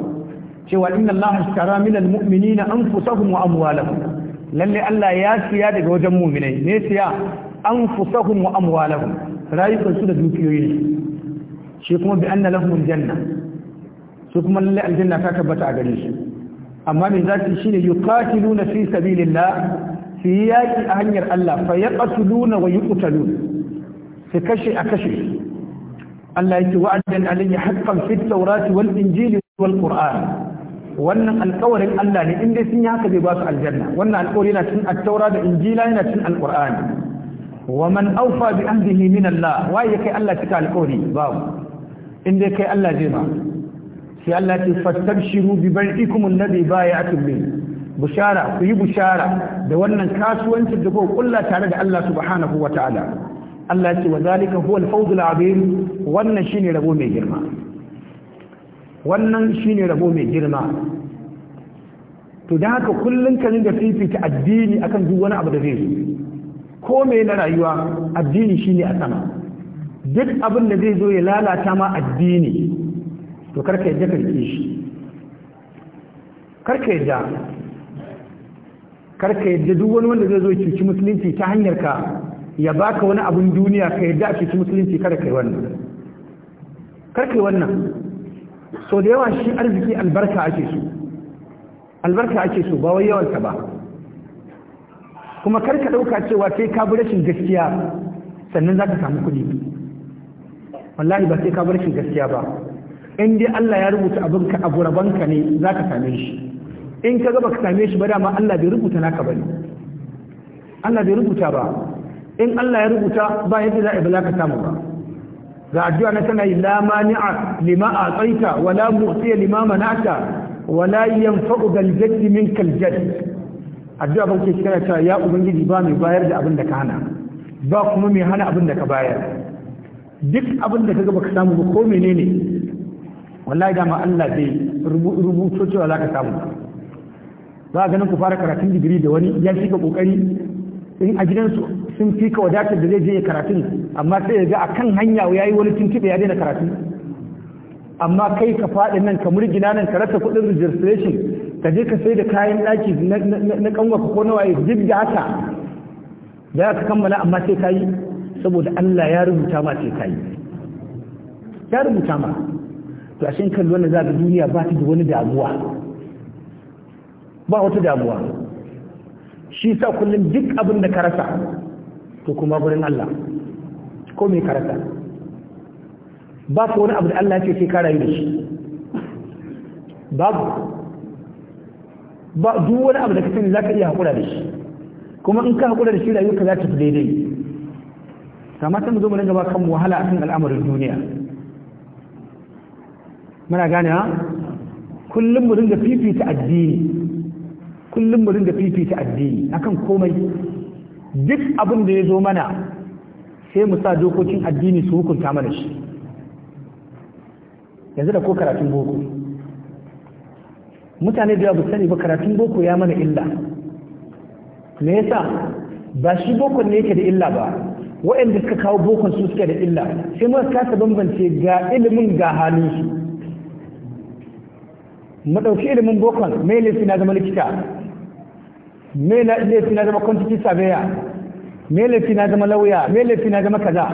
[SPEAKER 1] cewa inna allaha ashtara min almu'minina anfusahum wa amwalahum lalle Allah ya siya daga wajen mu'minai ne siya An anfusahum wa amwalahum rayukan su da dukiyoyin shi kuma bi anna lahum janna su kuma lalle aljanna ta tabbata a gare su amma me za su shine yuqatiluna fi sabilillah su yi yaki a hanyar Allah fa yaqtuluna wa yuqtalun su kashe a kashe Allah yake wa'adan alayhi haqqan fit tawrati wal injili wal qur'an wannan alƙawarin Allah ne in sun yi haka zai ba su aljanna wannan alƙawari yana cikin at-taura da injila yana cikin al-qur'ani wa man awfa bi ahdihi min Allah waye kai Allah cika alƙawari babu inda kai Allah zai ba sai Allah ya ce fastabshiru bi bai'ikum alladhi bay'atum bi bushara ku yi bushara da wannan kasuwancin da kuka kulla tare da Allah subhanahu wa ta'ala Allah ya ce wa zalika huwa al-fawz al-azim wannan shine rabo mai girma wannan shine rabo mai girma to da haka kullun ka da fifita addini akan duk wani abu da zai yi. ko me na rayuwa addini shine a sama duk abin da zai zo ya lalata ma addini to karka yadda karki shi karka yadda karka yadda duk wani wanda zai zo cuci musulunci ta hanyar ka ya baka wani abin duniya ka yadda a cuci musulunci kada kai wannan karka wannan so da yawa shi arziki albarka ake so albarka ake so ba wai yawansa ba kuma kar ka ɗauka cewa sai ka bi rashin gaskiya sannan za ka samu kuɗi wallahi ba sai ka bi rashin gaskiya ba in dai Allah ya rubuta abinka a gurabanka ne za ka same shi in ka ga baka same shi ba dama Allah bai rubuta naka ba ne Allah bai rubuta ba in Allah ya rubuta ba yadda za a ba za ka samu ba ga addu'a na tana yi la mani'a lima atsaita wala mu'tiya lima mana'ata wala yanfa'u bil jaddi minkal jadd addu'a ba ke kana cewa ya ubangiji ba mai bayar da abin da ka hana ba kuma mai hana abin da ka bayar duk abin da kaga baka samu ba ko menene wallahi dama Allah zai rubuto cewa ka samu za a ganin ku fara karatun digiri da wani ya shiga kokari in a gidansu sun fi ka wadatar da zai je karatun amma sai ya ga akan hanya yi wani tuntuɓe ya daina karatu amma kai ka faɗi nan ka murgina nan ka rasa kuɗin registration ka je ka sai da kayan ɗaki na ƙanwaka ko na waye duk da haka da ka kammala amma sai ka yi saboda Allah ya rubuta ma sai ka yi ya rubuta ma to a shin kallon da za ga duniya ba ta da wani damuwa ba wata damuwa shi sa kullum duk abin da ka rasa to kuma gurin Allah ko me ka rasa ba ka wani abu da Allah ya ce sai ka rayu da shi babu ba duk wani abu da ka sani zaka iya hakura da shi kuma in ka hakura da shi rayuwarka za ta fi daidai kamata mu zo mu dinga ba kan wahala kan al'amarin duniya muna gane ha kullum mu ringa fifita addini kullum mu ringa fifita addini akan komai duk abin da ya zo mana sai mu sa dokokin addini su hukunta mana shi yanzu da ko karatun boko mutane da yawa sani ba karatun boko ya mana illa me yasa ba shi bokon ne yake da illa ba waɗanda suka kawo bokon su suke da illa sai mu kasa bambance ga ilimin ga halin su mu ɗauki ilimin bokon me laifi na zama likita me laifi na zama kwantiti sabeya me laifi na zama lauya me laifi na zama kaza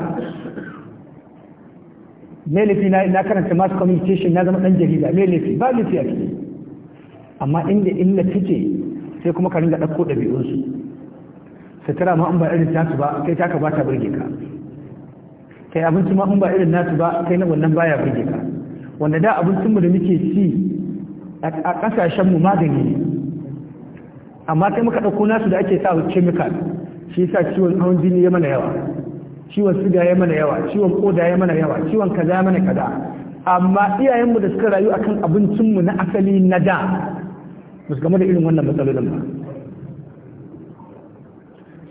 [SPEAKER 1] me laifi na karanta mass communication na zama ɗan jarida me laifi ba laifi a ciki amma inda illa take sai kuma ka ringa ɗauko ɗabi'unsu sutura ma in ba irin tasu ba kai taka ba ta burge ka kai abinci ma in ba irin nasu ba kai na wannan baya burge ka wanda da abincinmu da muke ci a mu magani ne amma kai muka ɗauko nasu da ake sa chemical shi yasa ciwon hawan jini ya mana yawa ciwon siga ya mana yawa ciwon koda ya mana yawa ciwon kaza ya mana kaza amma iyayenmu da suka rayu akan abincinmu na asali na da ba game da irin wannan matsalolin ba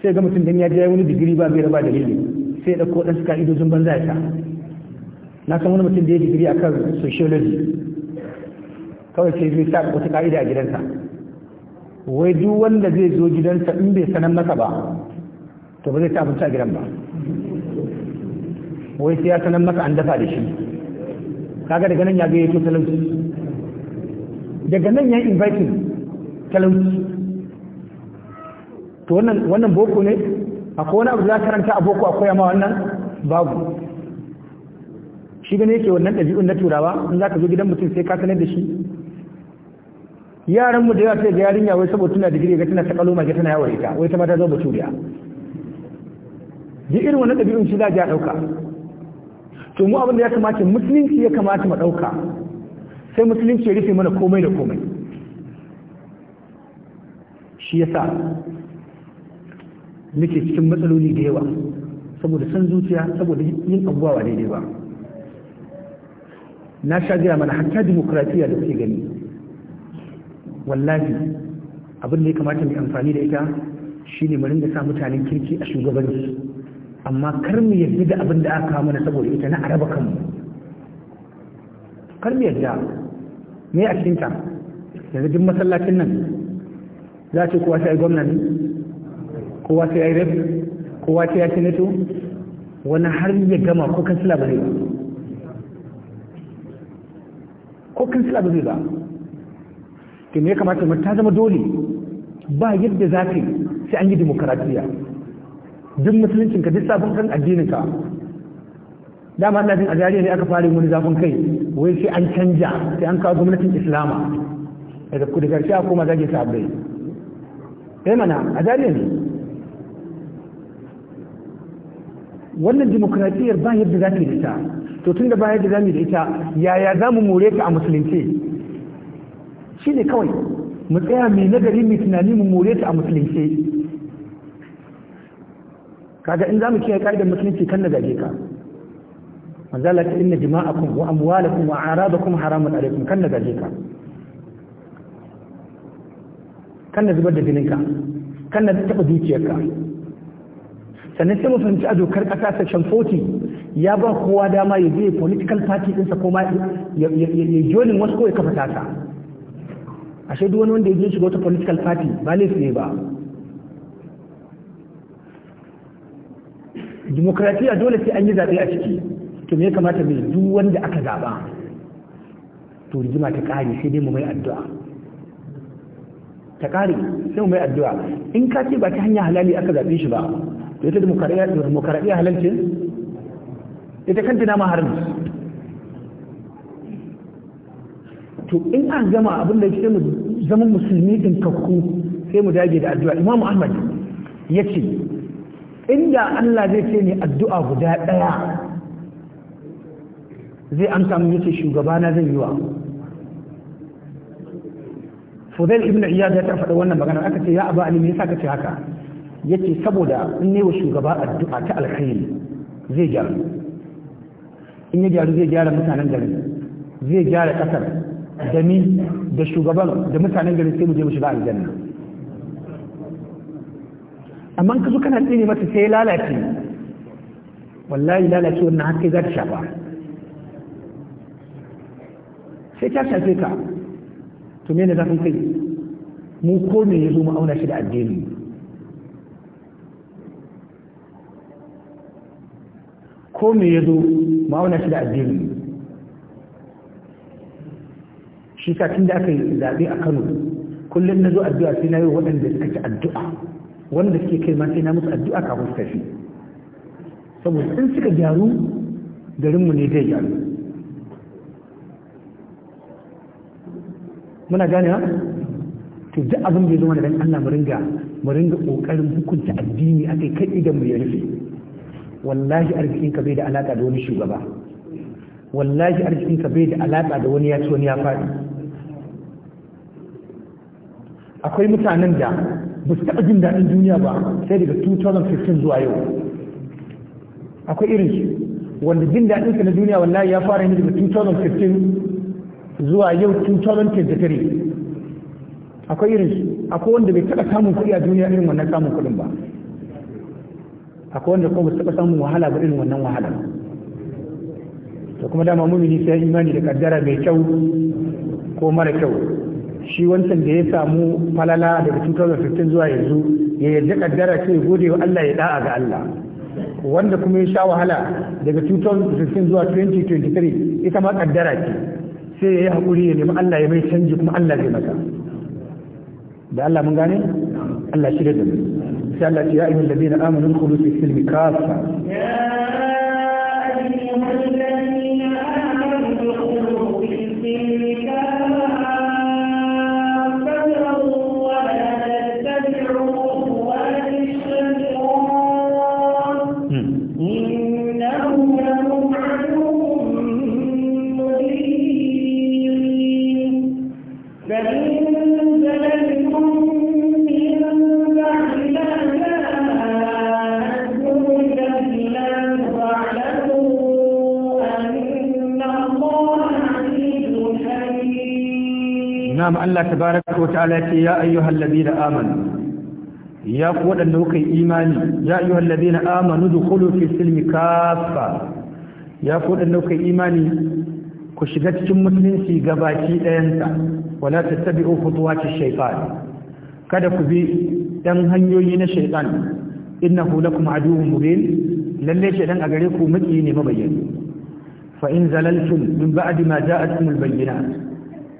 [SPEAKER 1] sai ga mutum dan ya je wani digiri ba gaira ba dalili sai ya dauko dan suka idojin banza ya sa na san wani mutum da ya digiri kan sociology kawai sai zai sa wata ka'ida a gidansa wai duk wanda zai zo gidansa in bai sanar masa ba to ba zai ta abinci a gidan ba wai sai ya sanar masa an dafa da shi kaga daga nan ya ga yato talauci daga nan ya inviting talauci to wannan wannan boko ne akwai wani abu za karanta a boko akwai amma wannan babu shi gane yake wannan ɗabi'un na turawa in za ka zo gidan mutum sai ka sanar da shi yaranmu da yawa sai ga yarinya wai saboda tana digiri ga tana ta kaloma ga tana yawar ita wai ta mata zo baturiya duk irin wannan ɗabi'un shi za a ɗauka to mu abin da ya kamata musulunci ya kamata mu ɗauka sai musulunci ya rufe mana komai da komai shi yasa nake cikin matsaloli da yawa saboda san zuciya saboda yin abubuwa daidai ba na sha gaya mana hatta demokratiya da kuke gani Wallafi, abin da ya kamata mai amfani da ita shine mu da sa mutanen kirki a shugabanci amma kar mu yarda da abin da aka kawo mana saboda ita na araba kanmu kar mu yarda me a cikin yanzu duk masallacin nan za ce kowa sai gwamna ne kowa sai rep kowa sai ya sinato wani har ya gama ko kan ba zai ba ko kan ba zai ba ke ne kamata mu ta zama dole ba yadda za ka sai an yi demokaratiya duk musulunci ka duk sabon kan addinin ka dama ina jin a jariya ne aka fara wani zafin kai wai sai an canja sai an kawo gwamnatin islama daga kudu karshe a koma zage sabbai sai eh, mana a zariya ne wannan demokradiyyar ba yadda za ta yi ta to tun da ba yadda za mu da ita yaya za mu more ta a musulunci shi ne kawai mu tsaya mai nagari mai tunani mu more ta a musulunci kaga in za mu kiyaye ka'idar musulunci kan nagaje ka manzala ta inna jima'akum wa amwalakum wa aradakum haramun alaikum kan nagaje ka kan na zubar da jininka kan na taɓa dukiyarka sannan sai mu fahimci a dokar ƙasa section 40 ya ba kowa dama ya je political party ɗinsa ko ma ya jonin wasu ko ya kafa tasa ashe duk wani wanda ya je shiga wata political party ba laifi ne ba demokratiya dole sai an yi zaɓe a ciki to me ya kamata mai duk wanda aka zaɓa to rigima ta ƙare sai dai mu mai addu'a ta kare sai mai addu'a in ka ce ba ta hanya halali aka zaɓe shi ba to ita demokaradiyya halalce ita kanta na maharin to in an gama abin da ke mu zama musulmi din kakku sai mu dage da addu'a imam ahmad ya ce inda allah zai ce ne addu'a guda ɗaya zai amsa mu yace shugabana zan yi wa fudail ibn iyad ya ta faɗa wannan magana aka ce ya aba ali me yasa kace ce haka yace saboda in ne wa shugaba addu'a ta alkhairi zai gyaru in ya gyaru zai gyara mutanen garin zai gyara kasar da ni da shugaban da mutanen garin sai mu je mu shiga aljanna amma ka zo kana tsini mata sai lalace wallahi lalace wannan haske za ta shafa sai ta shafe ka to me ne zafin kai mu ko me ya zo mu auna shi da addini ko me ya zo ma'auna shi da addini shi ka tun da aka yi zaɓe a kano kullum na zo addu'a sai na yi waɗanda suka ci addu'a wanda suke kai ma sai na musu addu'a kafin su tafi saboda in suka gyaru garinmu ne zai gyaru muna gane ha to duk abin da ya zama da dan Allah mu ringa mu ringa kokarin hukunta addini akai kai idan mu ya rufe wallahi arzikin ka bai da alaka da wani shugaba wallahi arzikin ka bai da alaka da wani ya ci wani ya faɗi akwai mutanen da ba su taɓa jin daɗin duniya ba sai daga 2015 zuwa yau akwai irin shi wanda jin daɗinsa na duniya wallahi ya fara ne daga 2015 zuwa yau 2023 akwai irin su akwai wanda bai taɓa samun kuɗi a duniya irin wannan samun kuɗin ba akwai wanda kuma bai taɓa samun wahala ba irin wannan wahala to kuma dama mumini sai imani da kaddara mai kyau ko mara kyau shi wancan da ya samu falala daga 2015 zuwa yanzu ya yarda kaddara ce gode wa Allah ya da'a ga Allah wanda kuma ya sha wahala daga 2015 zuwa 2023 ita ma kaddara ce sai ya yi haƙuri ya nemi Allah ya mai canji kuma Allah zai masa da Allah mun gane Allah shirya da mu sai Allah ya ayyuhal ladina amanu
[SPEAKER 2] khulusu fil mikafa
[SPEAKER 1] na'am Allah tabaraka wa ta'ala ce ya ayyuhal ladina amanu ya ku waɗanda kuka yi imani ya ayyuhal ladina amanu dukhulu fi silmi kaffa ku yi imani ku shiga cikin musulunci gabaki ɗayansa wala tattabi'u khutuwati kada ku bi ɗan hanyoyi na shaitan innahu lakum aduwwun mubin lalle shaitan a gare ku maki ne mabayyani fa in zalaltum min ba'di ma ja'atkumul bayyinat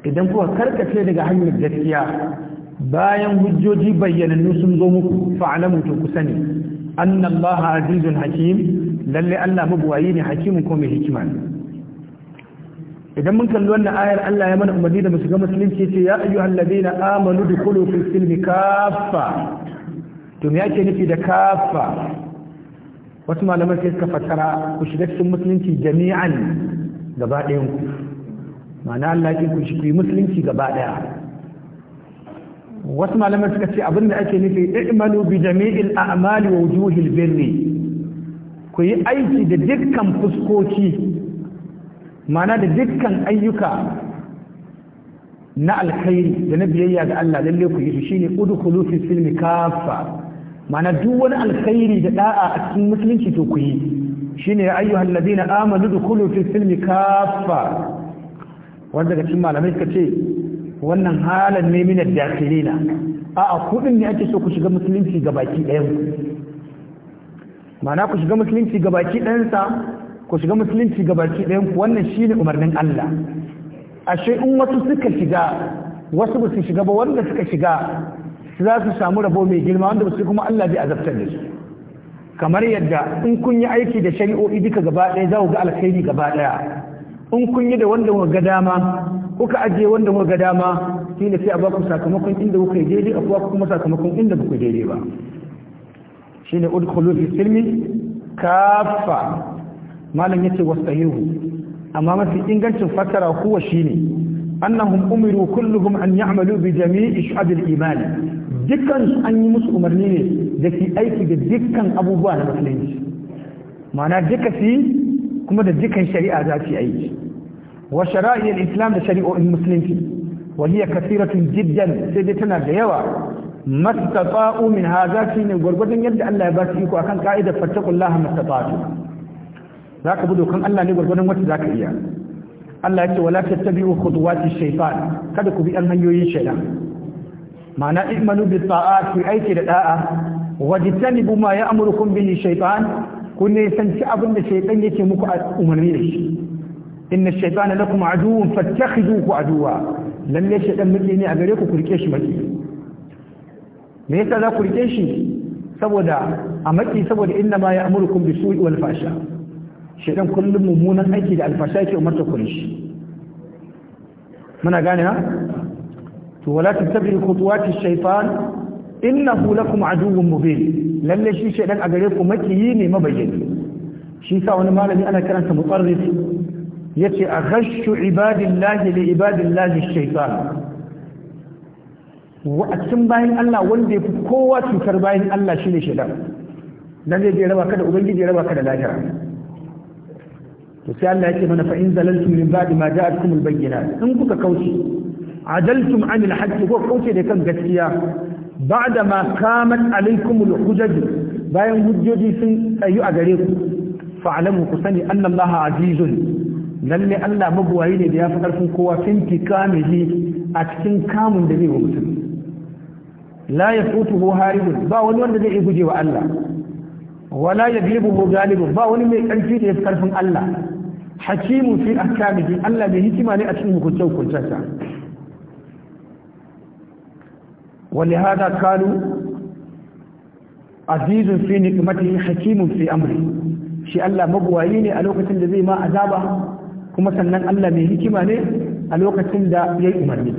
[SPEAKER 1] idan kuka karkace daga hanyar gaskiya bayan hujjoji bayyanannu sun zo muku fa'alamu to ku sani annallaha azizun hakim lalle Allah mabuwayi ne hakimin ko mai hikima idan mun kalli wannan ayar Allah ya mana umarni da musu ga musulunci ce ya ayyuhal ladina amanu dukulu fi silmi kaffa to me yake nufi da kaffa wasu malamai sai suka fassara ku shiga cikin musulunci jami'an gaba ɗayan ku ma'ana Allah ya ku shi ku yi musulunci gaba daya wasu malamai suka ce abin da ake nufi i'malu bi jami'il a'mali wa wujuhil birri ku yi aiki da dukkan fuskoki ma'ana da dukkan ayyuka na alkhairi da na biyayya ga Allah lalle ku yi su shine udkhulu fi silmi kaffa ma'ana duk wani alkhairi da da'a a cikin musulunci to ku yi shine ayyuhal ladina amanu udkhulu fi silmi kaffa wani daga cikin malamai suka ce wannan halin ne minar a a'a kudin ne ake so ku shiga musulunci ga baki ɗayan ma'ana ku shiga musulunci ga baki ɗayansa ku shiga musulunci ga baki ɗayan ku wannan shi ne umarnin Allah ashe in wasu suka shiga wasu ba su shiga ba wanda suka shiga za su samu rabo mai girma wanda ba su kuma Allah zai azabtar da su kamar yadda in kun yi aiki da shari'o'i duka gaba ɗaya za ku ga alkhairi gaba ɗaya in kun yi da wanda kuka ga dama kuka ajiye wanda kuka ga dama shine sai a baku sakamakon inda kuka yi daidai a kuwa kuma sakamakon inda kuka daidai ba shine ne udkhulu fi silmi kafa malam yace wastahihu amma mafi ingancin fatara kuwa shine annahum umiru kulluhum an ya'malu bi jami'i shu'abil iman dukkan an yi musu umarni ne da su aiki da dukkan abubuwa na musulunci ma'ana duka su kuma da dikan shari'a za su aiki wa shari'ar islam da shari'o'in musulunci waliya kasiratun jiddan sai dai tana da yawa mastata'u min haza shine gwargwadon yadda Allah ya ba su iko akan ka'idar fattakullaha mastata'u zaka bi dokan Allah ne gwargwadon wacce zaka iya Allah ya ce wala tattabi'u khutuwati shaytan kada ku bi an hanyoyin shaytan ma'ana imanu bi ta'ati aiki da da'a wajtanibu ma ya'murukum bihi shaytan ku nisanci abin da shaitan yake muku a umarni da shi inna shaitana lakum aduwwun fattakhiduhu aduwa lalle shaitan miki ne a gare ku ku rike shi maki me yasa za ku rike shi saboda a maki saboda inna ma ya'murukum bisu'i wal fasha shaitan kullum mummunan aiki da alfasha yake umarta ku shi muna gane ha to wala tattabi'u khutuwati shaitan innahu lakum aduwwun mubin lalle shi shedan a gare ku makiyi ne mabayyani shi sa wani malami ana karanta mutsarrif yace aghashu ibadillahi li ibadillahi shaytan wa a cikin bayan Allah wanda yafi kowa cutar bayan Allah shine shedan dan zai je raba ka da ubangiji ya raba ka da lahira to sai Allah yake mana fa in zalaltum min ba'di ma ja'atkum al-bayyinat in kuka kauce adaltum anil haqq ko kauce da kan gaskiya ba'da ma kamat alaikumul hujaj bayan hujjoji sun tsayu a gare ku fa'lamu ku sani anna Allah azizun lalle Allah mabuwayi ne da ya fi ƙarfin kowa fin tikamihi a cikin kamun da zai wa mutum la yafutuhu haribun ba wani wanda zai guje wa Allah wala yaglibuhu galibun ba wani mai ƙarfi da ya fi karfin Allah hakimun fi ahkamihi Allah mai hikima ne a cikin hukuncin hukuncinsa ولهذا قالوا عزيز في نقمته حكيم في امره شي الله مغوايني a lokacin da zai ma azaba kuma sannan Allah mai hikima ne a lokacin da yayi umarni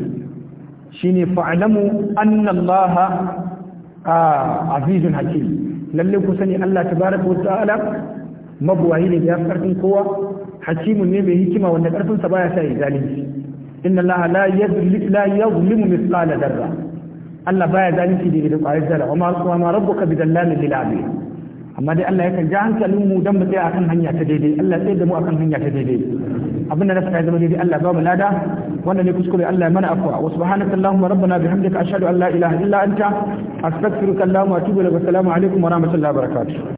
[SPEAKER 1] shine fa'lamu anna Allah azizun hakim lalle ku sani Allah tabaraka wa ta'ala mabwahini ya farkin kowa hakimun ne mai hikima wanda karfin baya sa yi zalimi inna Allah la yazlimu mithqala dharra Allah baya zalunci da irin ƙwayar zara wa masu wa rabbuka bi dallamin lil abid amma dai Allah yakan ja hankalin mu dan mu tsaya akan hanya ta daidai Allah tsaya da mu akan hanya ta daidai abinda na fada zama daidai Allah ba mu lada wanda ne kuskure Allah mana afwa wa subhanaka allahumma rabbana bihamdika ashhadu an la ilaha illa anta astaghfiruka allahumma wa atubu ilaik assalamu alaikum wa rahmatullahi wa barakatuh